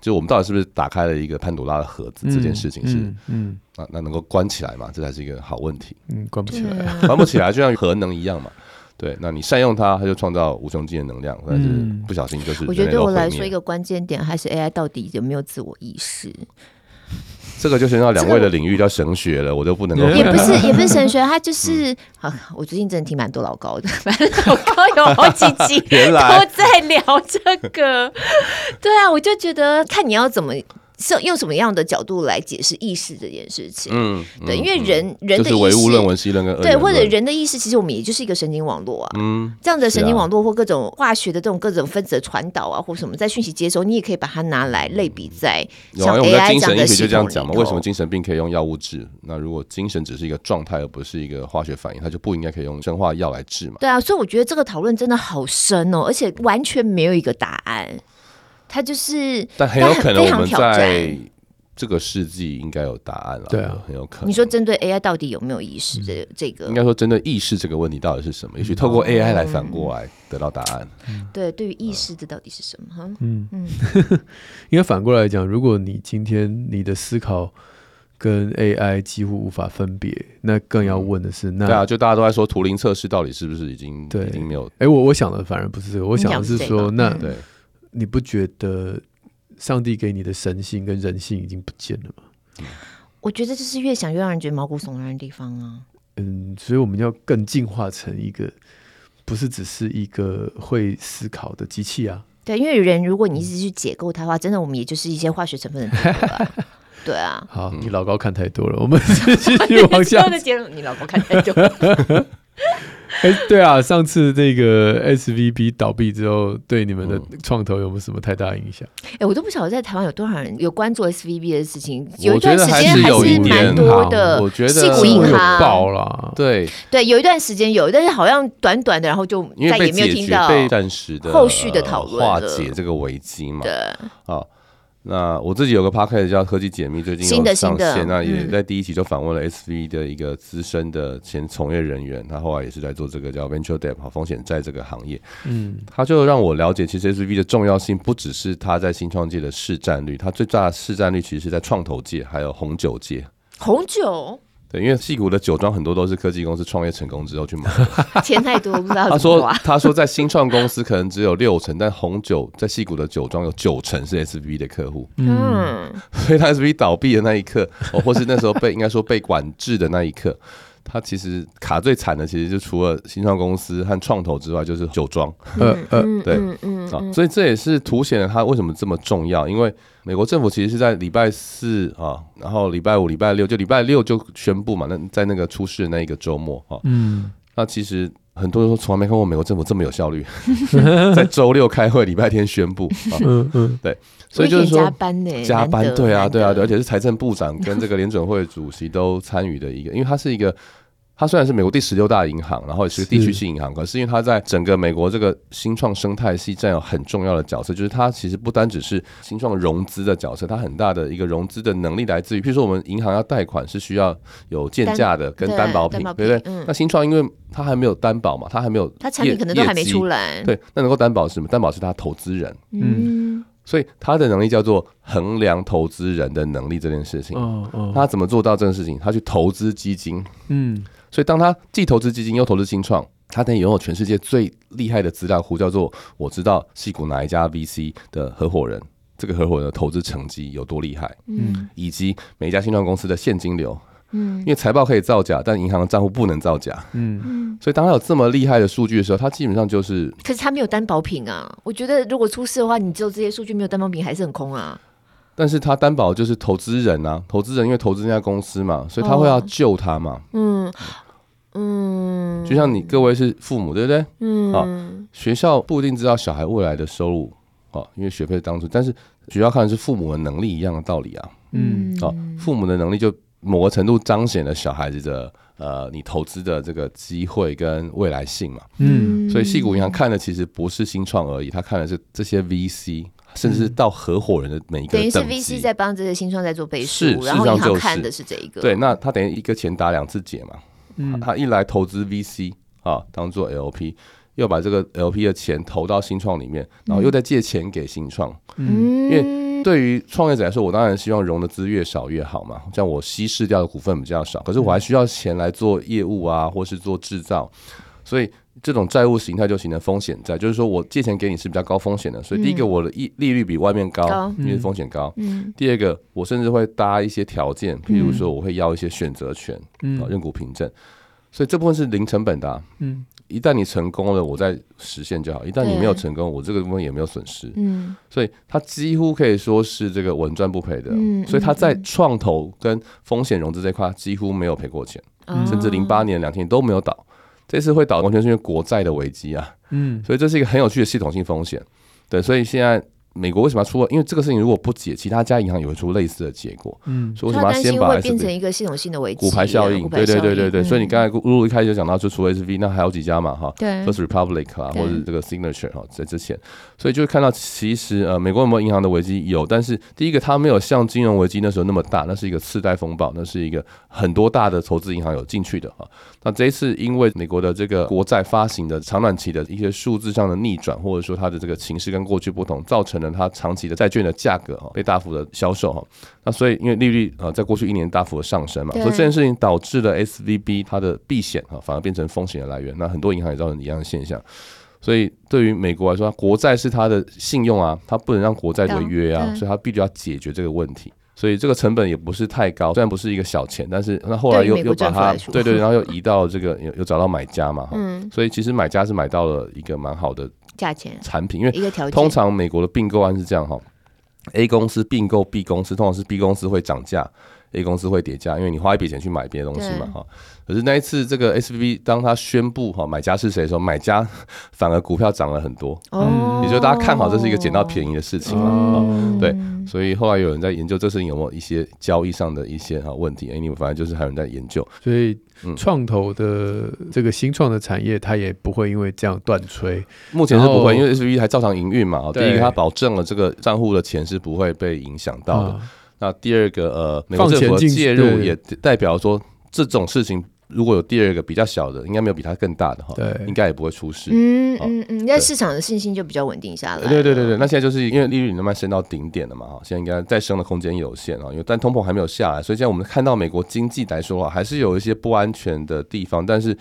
就我們到底是不是打開了一個潘朵拉的盒子這件事情是，嗯，嗯，嗯、啊、那能夠關起來嘛？這才是一個好問題。嗯，關不起來，啊、關不起來就像核能一樣嘛。 對，那你善用它，它就創造無窮盡的能量、嗯；但是不小心就是。我覺得對我來說一個關鍵點還是 AI 到底有沒有自我意識。這個就涉及到兩位的領域叫神學了，這個、我都不能夠。也不是也不是神學，他就是 啊，我最近真的聽蠻多老高的，蠻老高有好幾集都在聊這個。 原來笑對啊，我就覺得看你要怎麼。用什麼樣的角度來解釋意識這件事情？嗯，對，因為人、嗯、人的唯、就是、物論、唯心論跟二元論，對，或者人的意識其實我們也就是一個神經網絡啊。嗯，這樣的神經網絡或各種化學的這種各種分子的傳導啊，啊，或什麼在訊息接收，你也可以把它拿來類比在像 AI 講也的心就這樣講嘛？為什麼精神病可以用藥物治、嗯？那如果精神只是一個狀態而不是一個化學反應，它就不應該可以用生化藥來治嘛？對啊，所以我覺得這個討論真的好深哦，而且完全沒有一個答案。他就是，但很有可能我們在這個世紀應該有答案了。對啊，很有可能。你說針對 AI 到底有沒有意識？這這個、嗯、應該說針對意識這個問題到底是什麼？嗯、也許透過 AI 來反過來得到答案。對、嗯嗯，對於意識這到底是什麼？哈、嗯，嗯嗯，因 為反過來講，如果你今天你的思考跟 AI 幾乎無法分別，那更要問的是那，那對啊，就大家都在說圖靈測試到底是不是已經對已經沒有？哎、欸，我我想的反而不是這個，我想的是說那是、這個、對。對你不覺得上帝給你的神性跟人性已經不見了嗎？我覺得這是越想越讓人覺得毛骨悚然的地方啊。嗯，所以我們要更進化成一個不是只是一個會思考的機器啊。對，因為人，如果你一直去解構它的話，真的我們也就是一些化學成分了、啊。 對啊，好，你老高看太多了，我們繼續，繼續往下 你續。你老高看太多了。 哎、欸，對啊，上次這個 S V B 倒閉之後，對你們的創投有沒有什麼太大影響？哎、嗯欸，我都不曉得在台灣有多少人有關注 S V B 的事情。有一段時間還是蠻多的矽谷銀行，我覺得爆了。對對，有一段時間有，但是好像短短的，然後就再也沒有聽到。暫時的後續的討論、呃、化解這個危機嘛？對、啊那我自己有個 podcast 叫《科技解密》，最近、啊、新的上線。那、嗯、也在第一期就訪問了 SV 的一個資深的前從業人員，他後來也是在做這個叫 Venture Debt 和風險債這個行業。嗯，他就讓我了解，其實 SV 的重要性不只是他在新創界的市占率，它最大的市占率其實是在創投界還有紅酒界。紅酒。對，因為矽谷的酒莊很多都是科技公司創業成功之後去買的， 錢太多不知道。他說他說在新創公司可能只有六成， 但紅酒在矽谷的酒莊有九成是 SV 的客戶。嗯，所以他 SV 倒閉的那一刻，或是那時候被應該說被管制的那一刻。 他其實卡最慘的，其實就除了新創公司和創投之外，就是酒莊、嗯，呃、嗯、呃，嗯嗯、 對、嗯嗯嗯啊，所以這也是凸顯了他為什麼這麼重要，因為美國政府其實是在禮拜四啊，然後禮拜五、禮拜六，就禮拜六就宣布嘛，那在那個出事的那一個周末啊，嗯，那、啊、其實。很多人說從來沒看過美國政府這麼有效率 在周六開會，禮拜天宣布。嗯嗯，對，所以就是說加班呢、欸，加班對啊，對啊，對啊，而且是財政部長跟這個聯準會主席都參與的一個，因為他是一個。它雖然是美國第十六大銀行，然後也是地區性銀行，可是因為它在整個美國這個新創生態系占有很重要的角色，就是它其實不單只是新創融資的角色，它很大的一個融資的能力來自於，譬如說我們銀行要貸款是需要有建價的跟擔保，保品，對不對，對、嗯？那新創因為它還沒有擔保嘛，它還沒有，它產品可能都還沒出來，對，那能夠擔保是什麼？擔保是他投資人，嗯，所以他的能力叫做衡量投資人的能力這件事情。哦哦，它怎麼做到這件事情？他去投資基金，嗯。所以，當他既投資基金又投資新創，他等於擁有全世界最厲害的資料庫，叫做我知道矽谷哪一家 VC 的合夥人，這個合夥人的投資成績有多厲害，嗯，以及每一家新創公司的現金流，嗯，因為財報可以造假，但銀行的賬戶不能造假，嗯，所以當他有這麼厲害的數據的時候，他基本上就是，可是他沒有擔保品啊，我覺得如果出事的話，你只有這些數據沒有擔保品還是很空啊。但是他擔保就是投資人啊，投資人因為投資那家公司嘛，所以他會要救他嘛。哦啊、嗯嗯，就像你各位是父母對不對？嗯啊、哦，學校不一定知道小孩未來的收入、哦、因為學費當初，但是學校看的是父母的能力一樣的道理啊。嗯啊、哦，父母的能力就某個程度彰顯了小孩子的呃，你投資的這個機會跟未來性嘛。嗯，所以矽谷銀行看的其實不是新創而已，他看的是這些 VC。甚至到合夥人的每一個等於是 VC 在幫這些新創在做背書，事實上就是、然後銀行就看的是這一個。對，那他等於一個錢打兩次結嘛、嗯。他一來投資 VC 啊，當做 LP，又把這個 LP 的錢投到新創裡面，然後又再借錢給新創。嗯，因為對於創業者來說，我當然希望融的資越少越好嘛。像我稀釋掉的股份比較少，可是我還需要錢來做業務啊，或是做製造。所以這種債務形態就形成風險債，就是說我借錢給你是比較高風險的。所以第一個，我的利利率比外面高，因為風險高。第二個，我甚至會搭一些條件，譬如說我會要一些選擇權啊嗯、認股憑證。所以這部分是零成本的。嗯。一旦你成功了，我再實現就好；一旦你沒有成功，我這個部分也沒有損失。嗯。所以它幾乎可以說是這個穩賺不賠的。嗯。所以他在創投跟風險融資這塊幾乎沒有賠過錢，甚至零八年、兩天都沒有倒。這次會導完全是因為國債的危機啊，嗯，所以這是一個很有趣的系統性風險，對，所以現在美國為什麼要出？因為這個事情如果不解，其他家銀行也會出類似的結果，嗯，所以為什麼要先把它變成一個系統性的危機，骨牌效應，對對對對對，所以你剛才陸一開始就講到，就除了 SV，那還有幾家嘛哈，對，First Republic 啊，或者這個 Signature 哈、啊，在之前，所以就會看到其實呃，美國有沒有銀行的危機有，但是第一個它沒有像金融危機那時候那麼大，那是一個次貸風暴，那是一個很多大的投資銀行有進去的哈、啊。那這一次，因為美國的這個國債發行的長短期的一些數字上的逆轉，或者說它的這個情勢跟過去不同，造成了它長期的債券的價格哈被大幅的銷售哈。那所以，因為利率啊在過去一年大幅的上升嘛，所以這件事情導致了 SVB 它的避險哈，反而變成風險的來源。那很多銀行也造成一樣的現象。所以對於美國來說，國債是它的信用啊，它不能讓國債違約啊，所以它必須要解決這個問題。所以這個成本也不是太高，雖然不是一個小錢，但是那後來又又把它對對，然後又移到這個又又、嗯、找到買家嘛，所以其實買家是買到了一個蠻好的價錢產品錢，因為通常美國的併購案是這樣哈，A 公司併購 B 公司，通常是 B 公司會漲價。A 公司會疊加，因為你花一筆錢去買別的東西嘛哈。可是那一次，這個 SVB 當他宣布哈買家是誰的時候，買家反而股票漲了很多，哦、也就大家看好這是一個撿到便宜的事情嘛、哦。對，所以後來有人在研究這是有沒有一些交易上的一些哈問題，哎、你為反正就是還有人在研究。所以，嗯、創投的這個新創的產業，它也不會因為這樣斷炊。目前是不會，因為 SVB 還照常營運嘛。第一個，它保證了這個賬戶的錢是不會被影響到的。啊。那第二個，呃，美國政府的介入也代表說這種事情，如果有第二個比較小的，應該沒有比它更大的哈，對，應該也不會出事。嗯嗯嗯，那、嗯、市場的信心就比較穩定下來了。對對對對，那現在就是因為利率慢慢升到頂點了嘛哈，現在應該再升的空間有限啊，因為但通膨還沒有下來，所以現在我們看到美國經濟來說的話，還是有一些不安全的地方，但是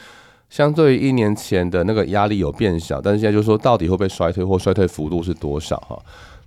相對於一年前的那個壓力有變小，但是現在就是說到底會不會衰退或衰退幅度是多少哈？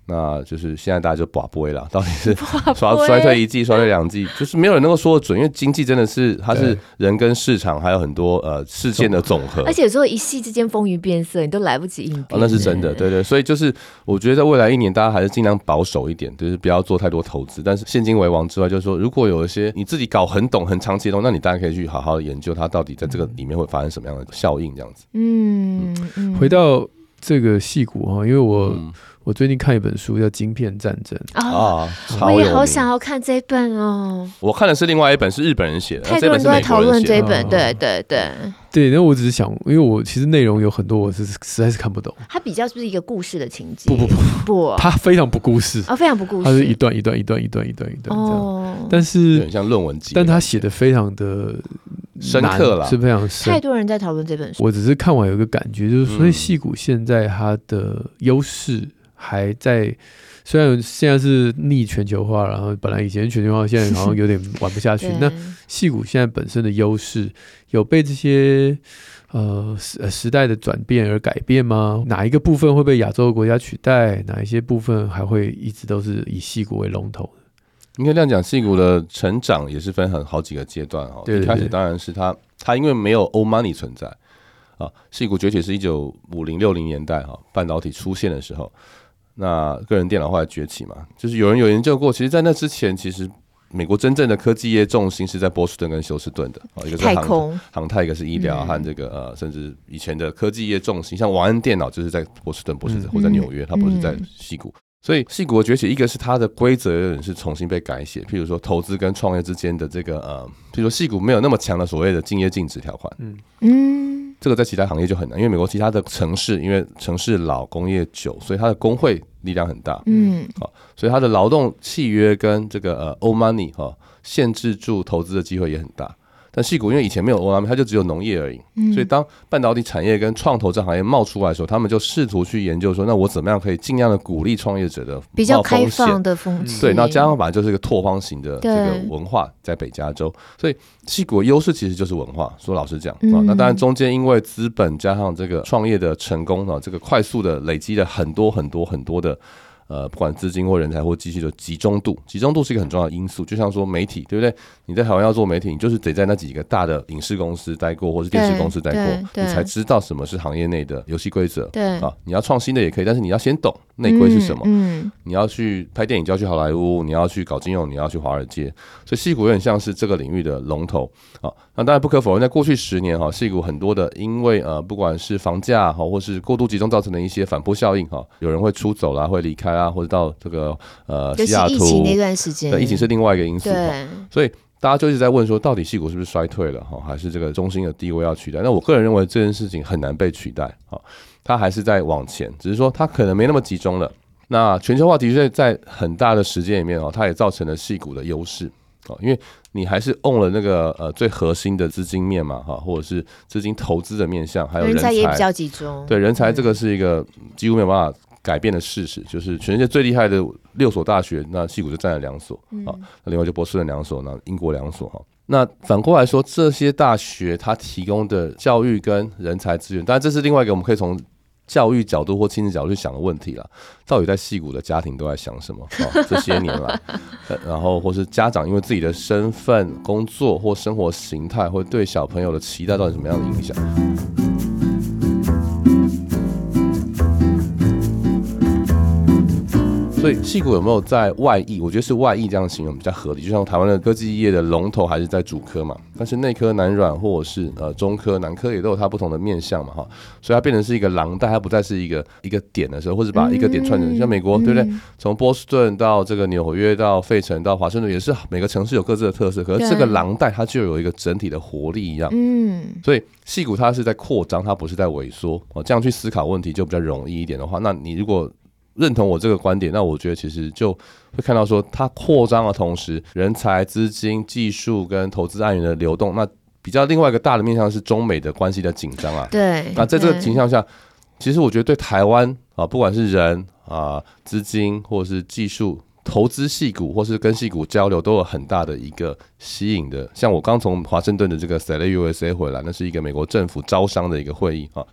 那就是現在大家就寡不為啦，到底是衰衰退一季，衰退兩季，就是沒有人能夠說得準，因為經濟真的是它是人跟市場還有很多呃事件的總和，而且有時候一夕之間風雲變色，你都來不及應對、欸哦。那是真的，對,對對。所以就是我覺得在未來一年，大家還是儘量保守一點，就是不要做太多投資。但是現金為王之外，就是說如果有一些你自己搞很懂、很長期的東西，那你當然可以去好好研究它到底在這個裡面會發生什麼樣的效應，這樣子。嗯,嗯,嗯回到這個矽谷哈，因為我、嗯。我最近看一本書，叫《晶片戰爭》啊、哦，我也好想要看這本哦。我看的是另外一本，是日本人寫的，太多人都在討論這本，這本、啊，對對對對。那我只是想，因為我其實內容有很多，我是實在是看不懂。它比較是不是一個故事的情節？不不不，不它非常不故事啊、哦，非常不故事，它是一段一段一段一段一段一段這樣。哦、但是很像論文集，但它寫的非常的深刻了，是非常深。太多人在討論這本書，我只是看完有一個感覺，就是所以矽谷現在它的優勢。還在，雖然現在是逆全球化，然後本來以前全球化，現在好像有點玩不下去。 那矽谷現在本身的優勢，有被這些呃時時代的轉變而改變嗎？哪一個部分會被亞洲國家取代？哪一些部分還會一直都是以矽谷為龍頭？應該這樣講，矽谷的成長也是分很好幾個階段哦。一開始當然是它，它因為沒有 old money 存在啊，矽谷崛起是一九五零六零年代哈，半導體出現的時候。那個人電腦後來崛起嘛，就是有人有研究過，其實，在那之前，其實美國真正的科技業重心是在波士頓跟休斯頓的、哦，一個是航太空航太，一個是醫療、嗯、和這個呃，甚至以前的科技業重心，像王安電腦就是在波士頓，不是、嗯、或者在紐約，它不是在矽谷、嗯。所以，矽谷的崛起，一個是它的規則是重新被改寫，譬如說投資跟創業之間的這個呃，譬如說矽谷沒有那麼強的所謂的競業禁止條款，嗯。嗯這個在其他行業就很難，因為美國其他的城市，因為城市老工業久，所以它的工會力量很大，嗯，好、哦，所以它的勞動契約跟這個呃 old money 哈、哦，限制住投資的機會也很大。但矽谷因為以前沒有 Old Money，它就只有農業而已、嗯。所以當半導體產業跟創投這行業冒出來的時候，他們就試圖去研究說，那我怎麼樣可以盡量的鼓勵創業者的比較開放的風氣。對，那加上反正就是一個拓荒型的這個文化在北加州，嗯、所以矽谷的優勢其實就是文化。說老實講啊、嗯，那當然中間因為資本加上這個創業的成功啊，這個快速的累積了很多很多很多的。呃，不管資金或人才或機器的集中度，集中度是一個很重要的因素。就像說媒體，對不對？你在台灣要做媒體，你就是得在那幾個大的影視公司待過，或是電視公司待過，你才知道什麼是行業內的遊戲規則。對啊，你要創新的也可以，但是你要先懂內規是什麼嗯。嗯，你要去拍電影就要去好萊塢，你要去搞金融你要去華爾街。所以，矽谷有點像是這個領域的龍頭啊。那當然不可否認，在過去十年哈，矽谷很多的，因為呃，不管是房價哈，或是過度集中造成的一些反撲效應哈、啊，有人會出走啦，會離開。啊，或者到這個呃，西雅圖疫情那段時間，疫情是另外一個因素，所以大家就一直在問說，到底矽谷是不是衰退了哈，還是這個中心的地位要取代？那我個人認為這件事情很難被取代。它還是在往前，只是說它可能沒那麼集中了。那全球化的確在很大的時間裡面哦，它也造成了矽谷的優勢。因為你還是用了那個呃最核心的資金面嘛哈，或者是資金投資的面向，還有人才也比較集中，對人才這個是一個幾乎沒有辦法。改變的事實，就是全世界最厲害的六所大學，那矽谷就占了兩所啊、嗯哦，那另外就波士頓兩所，那英國兩所哈、哦。那反過來說，這些大學它提供的教育跟人才資源，當然這是另外一個我們可以從教育角度或親子角度去想的問題了。到底在矽谷的家庭都在想什麼？哦、這些年來， 然後或是家長因為自己的身份、工作或生活形態，會對小朋友的期待到底什麼樣的影響？所以矽谷有沒有在外溢？我覺得是外溢，這樣形容比較合理。就像台灣的科技業的龍頭還是在竹科嘛，但是內科、南軟或者是呃中科、南科也都有它不同的面向嘛，哈。所以它變成是一個廊帶，它不再是一個一個點的時候，或者把一個點串成，嗯、像美國對不對？從、嗯、波士頓到這個紐約到費城到華盛頓，也是每個城市有各自的特色。可是這個廊帶它就有一個整體的活力一樣。嗯。所以矽谷它是在擴張，它不是在萎縮。哦，這樣去思考問題就比較容易一點的話，那你如果。認同我這個觀點，那我覺得其實就會看到說，它擴張的同時，人才、資金、技術跟投資案源的流動，那比較另外一個大的面向是中美的關係的緊張啊。對，那在這個情象況下，其實我覺得對台灣啊，不管是人啊、資金或者是技術、投資矽谷或是跟矽谷交流，都有很大的一個吸引的。像我剛從華盛頓的這個 SelectUSA 回來，那是一個美國政府招商的一個會議啊。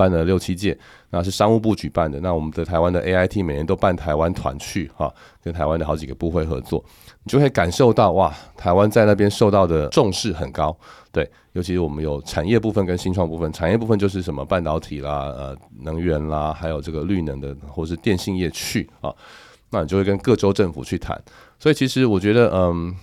辦了六七屆，那是商務部舉辦的。那我們的台灣的 AIT 每年都辦台灣團去哈、啊，跟台灣的好幾個部會合作，你就會感受到哇，台灣在那邊受到的重視很高。對，尤其是我們有產業部分跟新創部分，產業部分就是什麼半導體啦、呃能源啦，還有這個綠能的，或者是電信業去啊，那你就會跟各州政府去談。所以其實我覺得，嗯，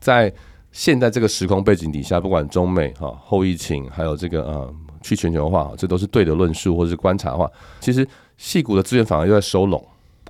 在現在這個時空背景底下，不管中美哈、啊、後疫情，還有這個嗯。去全球化，這都是對的論述或者是觀察的話，其實矽谷的資源反而又在收攏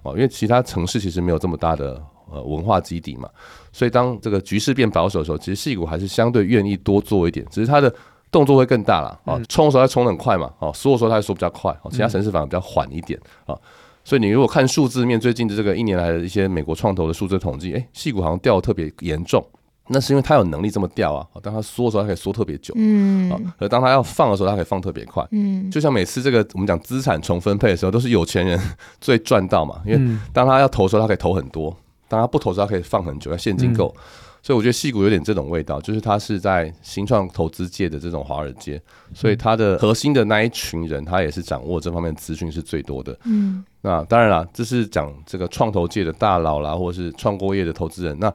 哦，因為其他城市其實沒有這麼大的呃文化基底嘛，所以當這個局勢變保守的時候，其實矽谷還是相對願意多做一點，只是它的動作會更大了啊，衝的時候它衝的很快嘛，哦縮的時候它縮比較快，其他城市反而比較緩一點啊、嗯，所以你如果看數字面，最近的這個一年來的一些美國創投的數字統計，誒，矽谷好像掉得特別嚴重。那是因為他有能力這麼調啊，當他縮的時候，他可以縮特別久，嗯，而、啊、當他要放的時候，他可以放特別快，嗯，就像每次這個我們講資產重分配的時候，都是有錢人 最賺到嘛，因為當他要投的時候，他可以投很多，當他不投的時候，他可以放很久，要現金夠、嗯。所以我覺得矽谷有點這種味道，就是他是在新創投資界的這種華爾街，所以他的核心的那一群人，他也是掌握這方面資訊是最多的，嗯，那當然了，這是講這個創投界的大佬啦，或者是創過業的投資人那。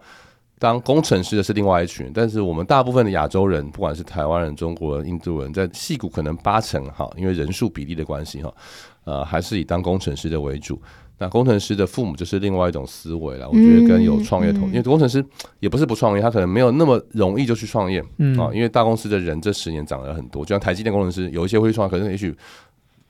當工程師的是另外一群，但是我們大部分的亞洲人，不管是台灣人、中國人、印度人，在矽谷可能八成哈，因為人數比例的關係哈，呃，還是以當工程師的為主。那工程師的父母就是另外一種思維了，我覺得跟有創業同、嗯嗯。因為工程師也不是不創業，他可能沒有那麼容易就去創業啊，因為大公司的人這十年漲了很多，就像台積電工程師，有一些會創業，可是也許。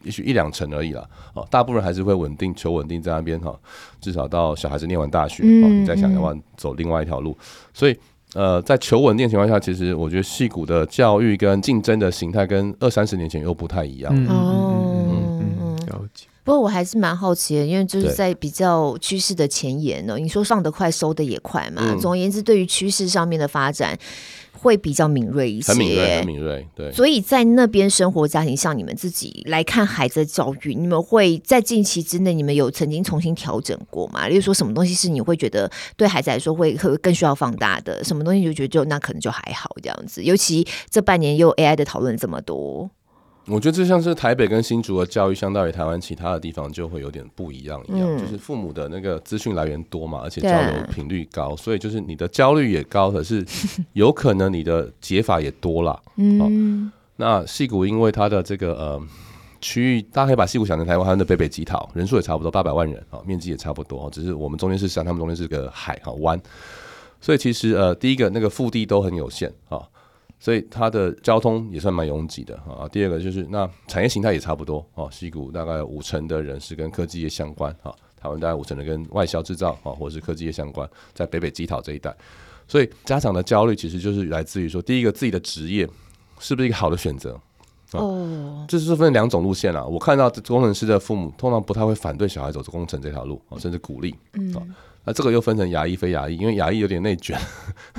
也許一兩成而已啦，大部分還是會穩定求穩定在那邊哈，至少到小孩子念完大學，嗯、你再想，想要往走另外一條路。所以，呃，在求穩定情況下，其實我覺得矽谷的教育跟競爭的形態跟二三十年前又不太一樣。哦、嗯，嗯了、嗯嗯嗯嗯嗯嗯、解。不過我還是蠻好奇的，因為就是在比較趨勢的前沿呢，你說上的快，收的也快嘛。嗯、總而言之，對於趨勢上面的發展。會比較敏銳一些，很敏銳，很敏銳，對。所以在那邊生活家庭，像你們自己來看孩子的教育，你們會在近期之內，你們有曾經重新調整過嗎？例如說，什麼東西是你會覺得對孩子來說會會更需要放大的？什麼東西就覺得就那可能就還好這樣子。尤其這半年又 AI 的討論這麼多。我覺得這像是台北跟新竹的教育，相當於台灣其他的地方就會有點不一樣一樣，就是父母的那個資訊來源多嘛，而且交流頻率高，所以就是你的焦慮也高，可是有可能你的解法也多了、哦。 嗯，那矽谷因為它的這個呃區域，大家可以把矽谷想成台灣他的北北基桃，人數也差不多八百萬人啊、哦，面積也差不多、哦，只是我們中間是山，他們中間是個海啊、哦、灣，所以其實呃第一個那個腹地都很有限啊、哦。所以它的交通也算蠻擁擠的哈、啊。第二個就是那產業形態也差不多哦。矽、啊、谷大概五成的人是跟科技業相關哈、啊。台灣大概五成的跟外銷製造啊，或者是科技業相關，在北北基桃這一帶。所以家長的焦慮其實就是來自於說，第一個自己的職業是不是一個好的選擇、啊？哦，這、就是分兩種路線啦、啊。我看到工程師的父母通常不太會反對小孩走工程這條路、啊，甚至鼓勵。嗯。哦那、啊、這個又分成亞裔、非亞裔，因為亞裔有點內捲，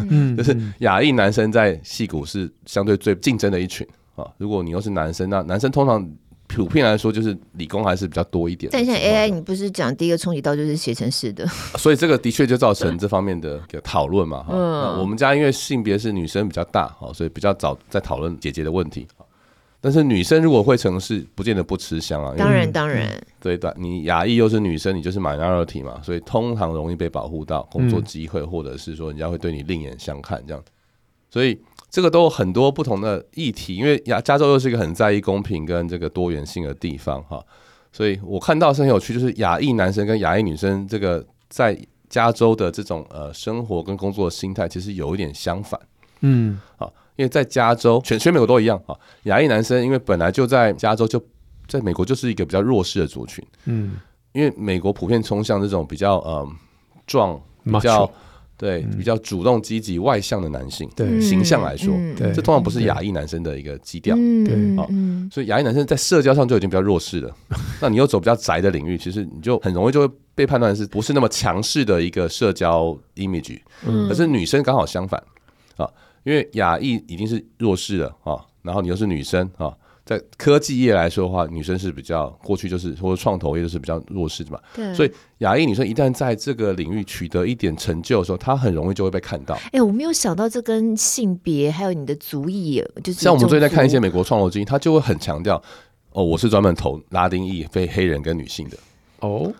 嗯， 就是亞裔男生在矽谷是相對最競爭的一群啊。如果你又是男生，那男生通常普遍來說就是理工還是比較多一點。但現在 AI，你不是講第一個衝擊到就是寫程式的？的、啊，所以這個的確就造成這方面的討論嘛。嗯、啊，我們家因為性別是女生比較大，哦、啊，所以比較早在討論姐姐的問題。但是女生如果會成事，不見得不吃香啊。當然當然，對的，你亞裔又是女生，你就是 minority 嘛，所以通常容易被保護到工作機會，或者是說人家會對你另眼相看這樣。嗯、所以這個都有很多不同的議題，因為亞加州又是一個很在意公平跟這個多元性的地方哈。所以我看到是很有趣，就是亞裔男生跟亞裔女生這個在加州的這種呃生活跟工作的心態，其實有一點相反。嗯，好、嗯。因為在加州，全全美國都一樣啊。亞裔男生因為本來就在加州就，就在美國就是一個比較弱勢的族群。嗯。因為美國普遍崇尚這種比較嗯壯，比較、Macho. 對、嗯、比較主動積極外向的男性。對。形象來說，嗯、這通常不是亞裔男生的一個基調。對、嗯。啊，所以亞裔男生在社交上就已經比較弱勢了。那你又走比較宅的領域， 其實你就很容易就會被判斷是不是那麼強勢的一個社交 image。嗯。可是女生剛好相反，啊。因為亞裔已經是弱勢了啊，然後你又是女生啊，在科技業來說的話，女生是比較過去就是或者創投業就是比較弱勢的嘛。對。所以亞裔女生一旦在這個領域取得一點成就的時候，她很容易就會被看到。哎、欸，我沒有想到這跟性別還有你的族裔，就是像我們最近在看一些美國創投基金，他就會很強調哦，我是專門投拉丁裔、非黑人跟女性的。哦、嗯，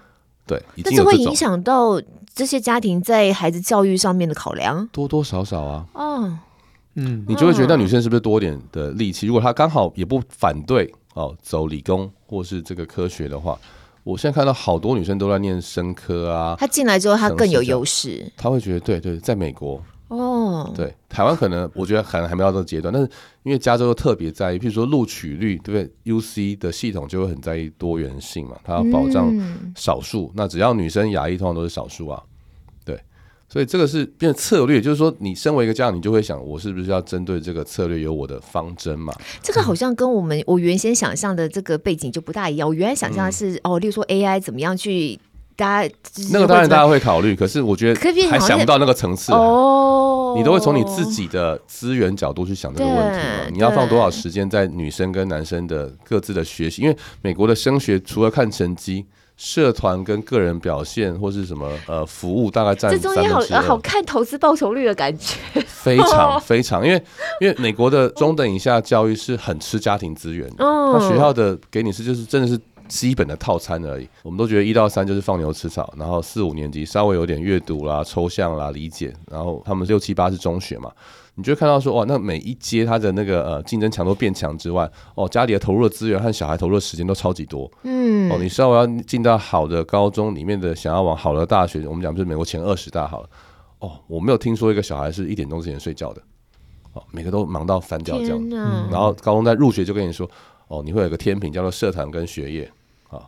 對，這就會影響到這些家庭在孩子教育上面的考量，多多少少啊。嗯、哦。嗯，你就會覺得那女生是不是多一點的力氣，哦？如果她剛好也不反對哦，走理工或是這個科學的話，我現在看到好多女生都在念生科啊。她進來之後，她更有優勢。她會覺得，對對，在美國哦，對，台灣可能我覺得可能還沒到這個階段。但是因為加州特別在意，譬如說錄取率，對不對？UC 的系統就會很在意多元性嘛，它要保障少數，嗯。那只要女生、亞裔通常都是少數啊。所以這個是變成策略，就是說，你身為一個家長，你就會想，我是不是要針對這個策略有我的方針嘛？這個好像跟我們、嗯、我原先想象的這個背景就不大一樣。我原來想象的是、嗯、哦，例如說 AI 怎麼樣去大家那個當然大家會考慮，可是我覺得還想不到那個層次哦。你都會從你自己的資源角度去想這個問題嘛，你要放多少時間在女生跟男生的各自的學習？因為美國的升學除了看成績。社團跟個人表現或是什麼呃、服務，大概占這中間，好好看投資報酬率的感覺，非常非常，因為因為美國的中等以下教育是很吃家庭資源，那學校的給你是就是真的是基本的套餐而已，我們都覺得一到三就是放牛吃草，然後四五年級稍微有點閱讀啦、抽象啦、理解，然後他們六七八是中學嘛。你就會看到說，哇，那每一階他的那個呃競爭強度變強之外，哦，家裡的投入的資源和小孩投入的時間都超級多。嗯，哦，你稍微要進到好的高中裡面的，想要往好的大學，我們講就是美國前二十大好了，哦，我沒有聽說一個小孩是一點鐘之前睡覺的，哦，每個都忙到翻掉這樣。然後高中在入學就跟你說，哦，你會有個天平叫做社團跟學業啊、哦，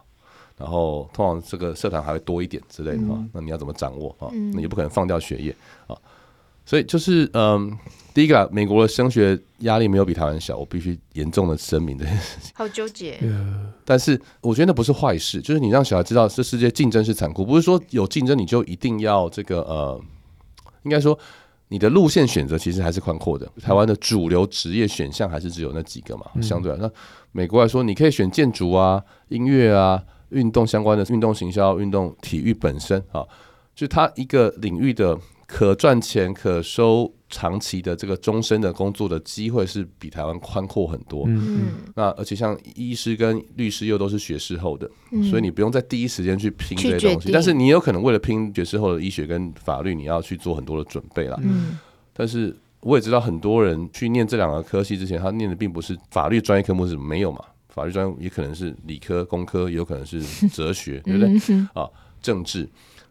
然後通常這個社團還會多一點之類的，嗯哦、那你要怎麼掌握啊、哦？那也不可能放掉學業啊。哦所以就是，嗯，第一個啊，美國的升學壓力沒有比台灣小，我必須嚴重的聲明這件事情。好糾結。但是我覺得那不是壞事，就是你讓小孩知道這世界競爭是殘酷，不是說有競爭你就一定要這個呃，應該說你的路線選擇其實還是寬闊的。台灣的主流職業選項還是只有那幾個嘛，嗯、相對來說，美國來說你可以選建築啊、音樂啊、運動相關的、運動行銷、運動體育本身啊，就它一個領域的。可賺錢、可收長期的這個終身的工作的機會是比台灣寬闊很多。嗯，嗯，那而且像醫師跟律師又都是學士後的，嗯、所以你不用在第一時間去拼這些東西。但是你有可能為了拼學士後的醫學跟法律，你要去做很多的準備啦。嗯，但是我也知道很多人去念這兩個科系之前，他念的並不是法律專業科目是，是沒有嘛？法律專業也可能是理科、工科，也有可能是哲學， 嗯、對不對？啊，政治。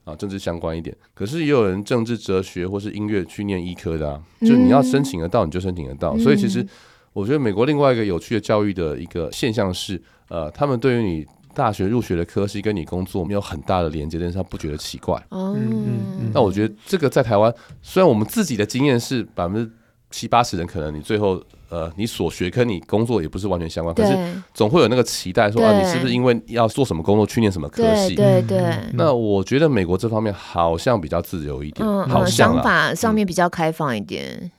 啊，政治相關一點，可是也有人政治哲學或是音樂去念醫科的啊，就是你要申請得到，你就申請得到，嗯。所以其實我覺得美國另外一個有趣的教育的一個現象是，呃，他們對於你大學入學的科系跟你工作沒有很大的連接，但是他不覺得奇怪。嗯。嗯，那我覺得這個在台灣，雖然我們自己的經驗是百分之七八十的人，可能你最後。呃，你所學跟你工作也不是完全相關，可是總會有那個期待說啊，你是不是因為要做什麼工作去念什麼科系？對對，對。那我覺得美國這方面好像比較自由一點，嗯，好像嗯嗯想法上面比較開放一點。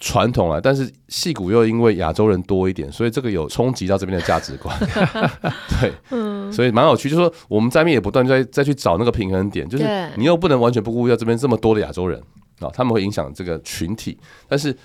傳統啊，但是矽谷又因為亞洲人多一點，所以這個有衝擊到這邊的價值觀。 對，嗯，所以蠻有趣，就是說我們在那邊也不斷在在去找那個平衡點，就是你又不能完全不顧到這邊這麼多的亞洲人啊、哦，他們會影響這個群體，但是。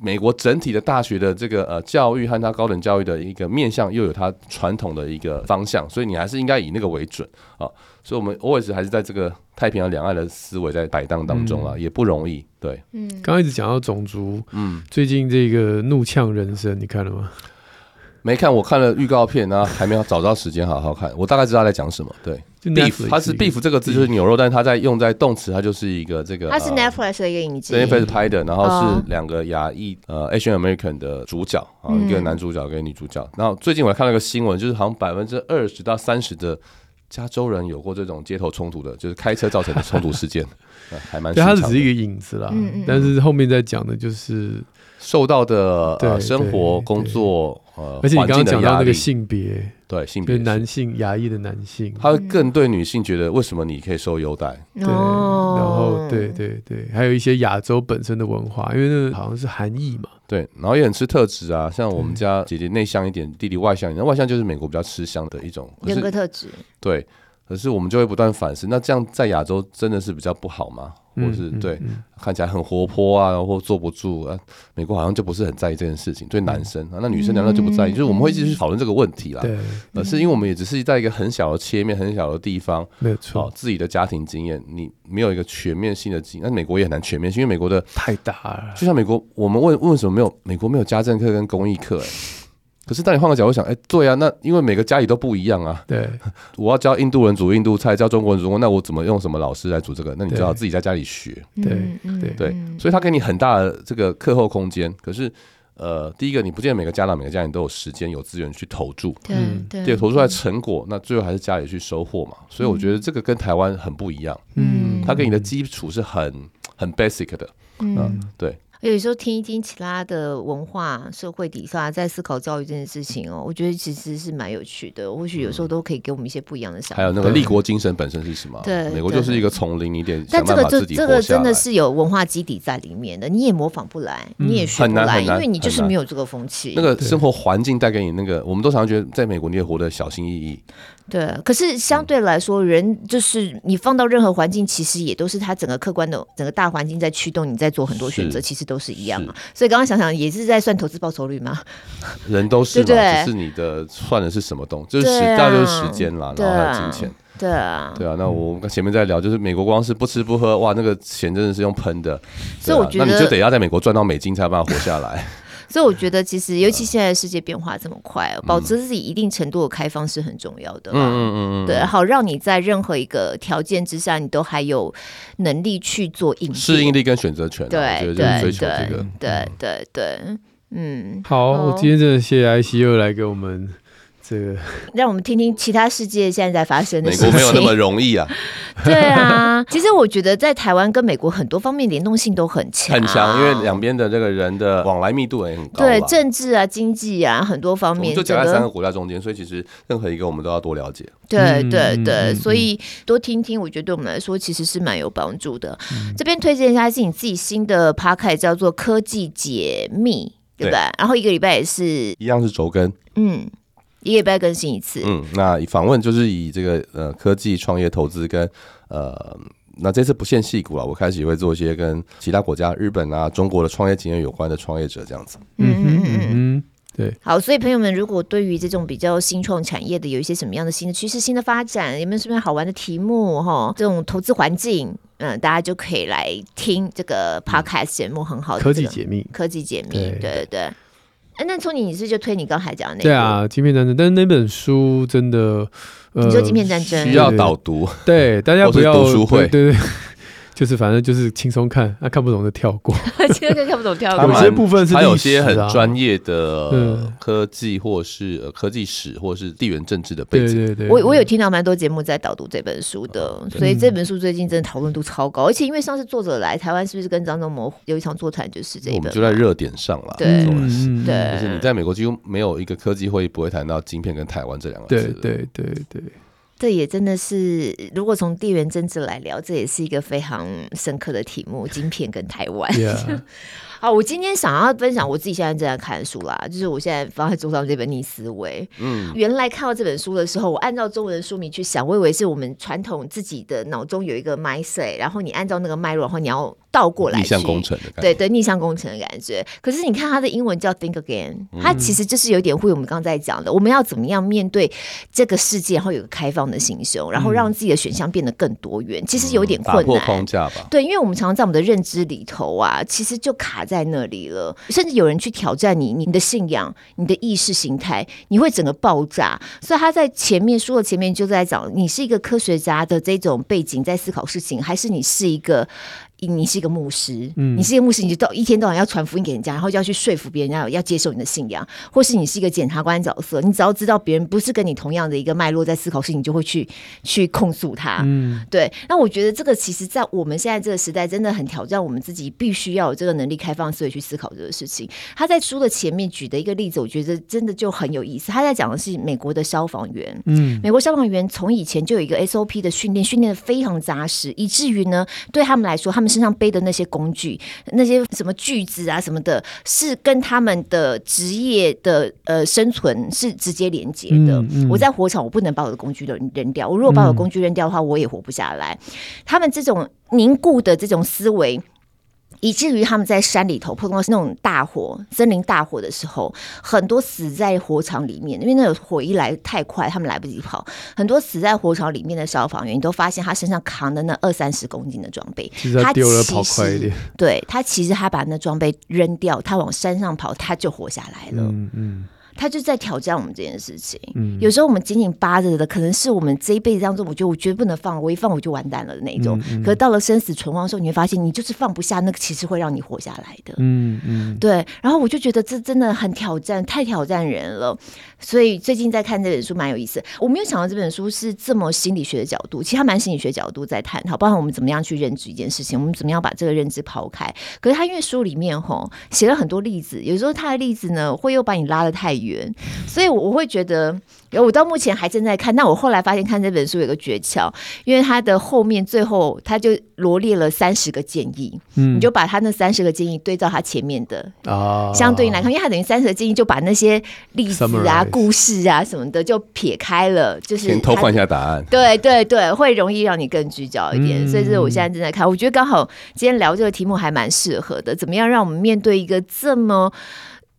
美國整體的大學的這個呃教育，和它高等教育的一個面向，又有它傳統的一個方向，所以你還是應該以那個為準啊。所以，我們 always 還是在這個太平洋兩岸的思維在擺盪當當中啊，嗯、也不容易。對，嗯，剛剛一直講到種族，嗯，最近這個怒嗆人生，你看了嗎？嗯沒看，我看了預告片，然後還沒有找到時間好好看。 我大概知道在講什麼。對，就，beef，它是 beef 這個字就是牛肉，嗯、但是它在用在動詞，它就是一個這個。它是 Netflix 的一個影集。Uh, Netflix 拍的，然後是兩個亞裔，呃、uh,，Asian American 的主角啊、嗯，一個男主角跟一個女主角、嗯。然後最近我還看了一個新聞，就是好像百分之二十到三十的加州人有過這種街頭衝突的，就是開車造成的衝突事件， 還蠻。還是只是一個影子啦，嗯嗯，但是後面在講的就是受到的、嗯、呃生活工作。呃、而且你剛剛講到那個性別，對性別，就是、男性亞裔的男性、嗯啊，他更對女性覺得為什麼你可以受優待、嗯啊？對，然後對對對，還有一些亞洲本身的文化，因為那個好像是韓裔嘛，對，然後也很吃特質啊，像我們家姐姐內向一點，弟弟外向一點，外向就是美國比較吃香的一種，人格特質，對，可是我們就會不斷反思，那這樣在亞洲真的是比較不好嗎？或是對嗯嗯嗯看起來很活潑啊，然後坐不住啊，美國好像就不是很在意這件事情。對男生、嗯、啊，那女生難道就不在意嗯嗯？就是我們會繼續討論這個問題啦。對、嗯嗯，而是因為我們也只是在一個很小的切面、很小的地方，沒有錯、哦。自己的家庭經驗，你沒有一個全面性的經驗，那美國也很難全面性，因為美國的太大了。就像美國，我們問問為什麼沒有？美國沒有家政課跟公益課哎、欸。可是，當你換個角度想，哎、欸，對啊，那因為每個家裡都不一樣啊。對， 我要教印度人煮印度菜，教中國人煮國，那我怎麼用什麼老師來煮這個？那你就要自己在家裡學。對對對，對，對，所以他給你很大的這個課後空間。可是，呃，第一個，你不見得每個家長每個家庭都有時間有資源去投注，對，對，對，投出來成果，那最後還是家裡去收穫嘛。所以我覺得這個跟台灣很不一樣。嗯，他給你的基礎是很很 basic 的。嗯，嗯啊、對。有時候聽一聽其他的文化、社會底下在思考教育這件事情哦，我覺得其實是蠻有趣的。或許有時候都可以給我們一些不一樣的想法。嗯、還有那個立國精神本身是什麼？嗯、對，對，美國就是一個叢林一點，你得想辦法自己活下來。但這個這這個真的是有文化基底在裡面的，你也模仿不來，嗯、你也學不來，很難很難，因為你就是沒有這個風氣，那個生活環境帶給你那個，我們都常常覺得在美國你也活得小心翼翼。對，可是相對來說，嗯，人就是你放到任何環境，其實也都是他整個客觀的整個大環境在驅動你在做很多選擇，其實都是一樣嘛，啊。所以剛剛想想，也是在算投資報酬率嗎？人都是嘛 對對，只是你的算的是什麼東西？啊，就是大概就是時間啦，啊、然後還有金錢。對啊，對啊。嗯、那我們前面在聊，就是美國光是不吃不喝，哇，那個錢真的是用噴的。所以我覺得，啊、那你就得要在美國賺到美金才辦法活下來。 所以我覺得，其實尤其現在世界變化這麼快，啊嗯，保持自己一定程度的開放是很重要的。嗯嗯嗯對，好，讓你在任何一個條件之下，你都還有能力去做應適應力跟選擇權，啊。對對，就是追求這個，對對，嗯，對對，對，對，嗯。好，今天真的謝謝 ICU 來給我們。這個，讓我們聽聽其他世界現在在發生的事情。美國沒有那麼容易啊。 對啊， 其實我覺得在台灣跟美國很多方面聯動性都很強，很強，因為兩邊的這個人的往來密度也很高。對政治啊、經濟啊很多方面，就夾在三個國家中間，這個，所以其實任何一個我們都要多了解。嗯、對對對、嗯，所以多聽聽，我覺得對我們來說其實是蠻有幫助的。嗯、這邊推薦一下，是你自己新的 podcast 叫做《科技解密》對，對吧？然後一個禮拜也是，一樣是週更，嗯。一個月更新一次。嗯，那訪問就是以這個呃科技創業投資跟呃，那這次不限矽谷啊，我開始會做一些跟其他國家日本啊、中國的創業經驗有關的創業者這樣子。嗯哼嗯哼嗯哼對。好，所以朋友們，如果對於這種比較新創產業的有一些什麼樣的新的趨勢、新的發展，有沒有什麼樣好玩的題目哈？這種投資環境，嗯、呃，大家就可以來聽這個 Podcast 節目，很好。科技解密，科技解密，對對，對，對。哎、欸，那從你你是就推你剛才講的那對啊，《晶片戰爭》，但是那本書真的，嗯、呃，你說《晶片戰爭》需要導讀，對，大家不要 讀書會，對對，對。就是反正就是輕鬆看，他、啊、看不懂就跳過。 現在看不懂跳過。 有些部分是歷史、啊、有些很專業的科技，或是科技史，或是地緣政治的背景。對對對對。我。我我有聽到蠻多節目在導讀這本書的，嗯、所以這本書最近真的討論度超高。嗯、而且因為上次作者來台灣，是不是跟張忠謀有一場座談，就是這個？我們就在熱點上了。對、嗯、對。就是你在美國就沒有一個科技會議不會談到晶片跟台灣這兩個字。對對對對。這也真的是，如果從地緣政治來聊，這也是一個非常深刻的題目，晶片跟台灣。 yeah. 好，我今天想要分享我自己現在正在看的書啦，就是我現在放在桌上這本逆思維。嗯，原來看到這本書的時候，我按照中文的書名去想，我以為是我們傳統自己的腦中有一個 my say，然後你按照那個脈絡，然後你要倒過來逆向工程的感覺。對對，逆向工程的感覺、嗯。可是你看它的英文叫 think again，它其實就是有點呼應我們剛才講的，我們要怎麼樣面對這個世界，然後有個開放的心胸，然後讓自己的選項變得更多元。其實有點困難，嗯、打破框架吧。對，因為我們常常在我們的認知裡頭啊，其實就卡。在那裡了，甚至有人去挑戰你，你的信仰，你的意識形態，你會整個爆炸。所以他在前面說的，前面就在講，你是一個科學家的這種背景在思考事情，還是你是一個？你是一個牧師，你是一個牧師，你就到一天到晚要傳福音給人家，嗯，然後就要去說服別人家要接受你的信仰，或是你是一個檢察官角色，你只要知道別人不是跟你同樣的一個脈絡在思考事情，你就會去去控訴他。嗯，對。那我覺得這個其實在我們現在這個時代真的很挑戰我們自己，必須要有這個能力，開放思維去思考這個事情。他在書的前面舉的一個例子，我覺得真的就很有意思。他在講的是美國的消防員，嗯，美國消防員從以前就有一個 SOP 的訓練，訓練得非常紮實，以至於呢，對他們來說，他們身上背的那些工具，那些什麼鋸子啊什麼的，是跟他們的職業的呃生存是直接連接的，嗯嗯。我在火場，我不能把我的工具都扔掉。我如果把我的工具扔掉的話，我也活不下來。嗯，他們這種凝固的這種思維。以至於他們在山裡頭碰到那種大火，森林大火的時候，很多死在火場裡面。因為那個火一來太快，他們來不及跑，很多死在火場裡面的消防員，都發現他身上扛的那二三十公斤的裝備，他丟了跑快一點。他對，他其實他把那裝備扔掉，他往山上跑，他就活下來了。嗯嗯。他就在挑戰我們這件事情。嗯、有時候我們緊緊巴著的，可能是我們這一輩子當中，我覺得我絕對不能放，我一放我就完蛋了的那種。嗯嗯、可是到了生死存亡的時候，你會發現你就是放不下那個，其實會讓你活下來的。嗯嗯。對。然後我就覺得這真的很挑戰，太挑戰人了。所以最近在看這本書蠻有意思。我沒有想到這本書是這麼心理學的角度，其實蠻心理學的角度在探討，包括我們怎麼樣去認知一件事情，我們怎麼樣把這個認知拋開。可是他因為書裡面吼寫了很多例子，有時候他的例子呢會又把你拉得太遠。所以我會覺得，然後我到目前還正在看。那我後來發現，看這本書有個訣竅，因為它的後面最後，他就羅列了三十個建議。嗯，你就把他那三十個建議對照他前面的哦，相對應來看，因為它等於三十個建議就把那些例子啊、故事啊什麼的就撇開了，就是偷換一下答案。對對對，會容易讓你更聚焦一點。嗯、所以，我現在正在看，我覺得剛好今天聊這個題目還蠻適合的。怎麼樣讓我們面對一個這麼，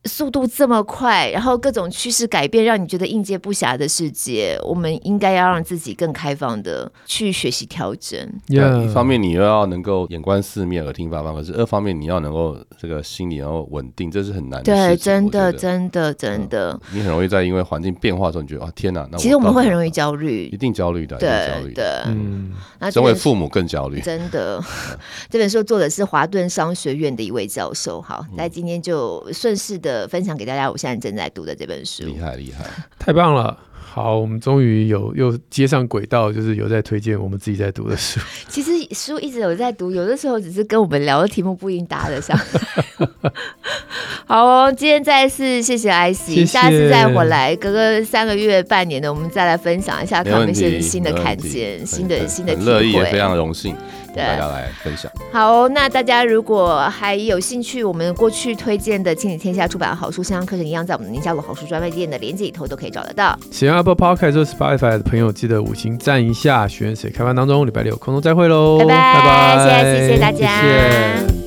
速度這麼快，然後各種趨勢改變，讓你覺得應接不暇的世界，我們應該要讓自己更開放的去學習調整。Yeah. 一方面你又要能夠眼觀四面，耳聽八方，可是二方面你要能夠這個心理要穩定，這是很難的事情。對真的，真的，真的，真、嗯、的。你很容易在因為環境變化中，你覺得啊天哪、啊！那其實我們會很容易焦慮，啊、一定焦慮的。對、啊、焦慮的對，對，嗯，那身為父母更焦慮。 真的，這本書作者是華頓商學院的一位教授。 好，那今天就順勢的。呃，分享給大家，我現在正在讀的這本書，厲害厲害，太棒了！好，我們終於有又接上軌道，就是有在推薦我們自己在讀的書。 其實書一直有在讀，有的時候只是跟我們聊的題目不一定答得上。 好、哦，今天再次謝謝 IC，下次再回來隔個三個月半年的，我們再來分享一下，他那些新的看見、新的新的，新的樂意也非常榮幸。大家來分享。好，那大家如果還有興趣，我們過去推薦的《親子天下》出版的好書，像課程一樣，在我們的寧夏璐好書專賣店的鏈接裡頭都可以找得到。喜歡 Apple Podcast 或 Spotify 的朋友，記得五星讚一下。許願池開放當中，禮拜六空中再會嘍！拜拜拜拜謝謝，謝謝大家。謝謝。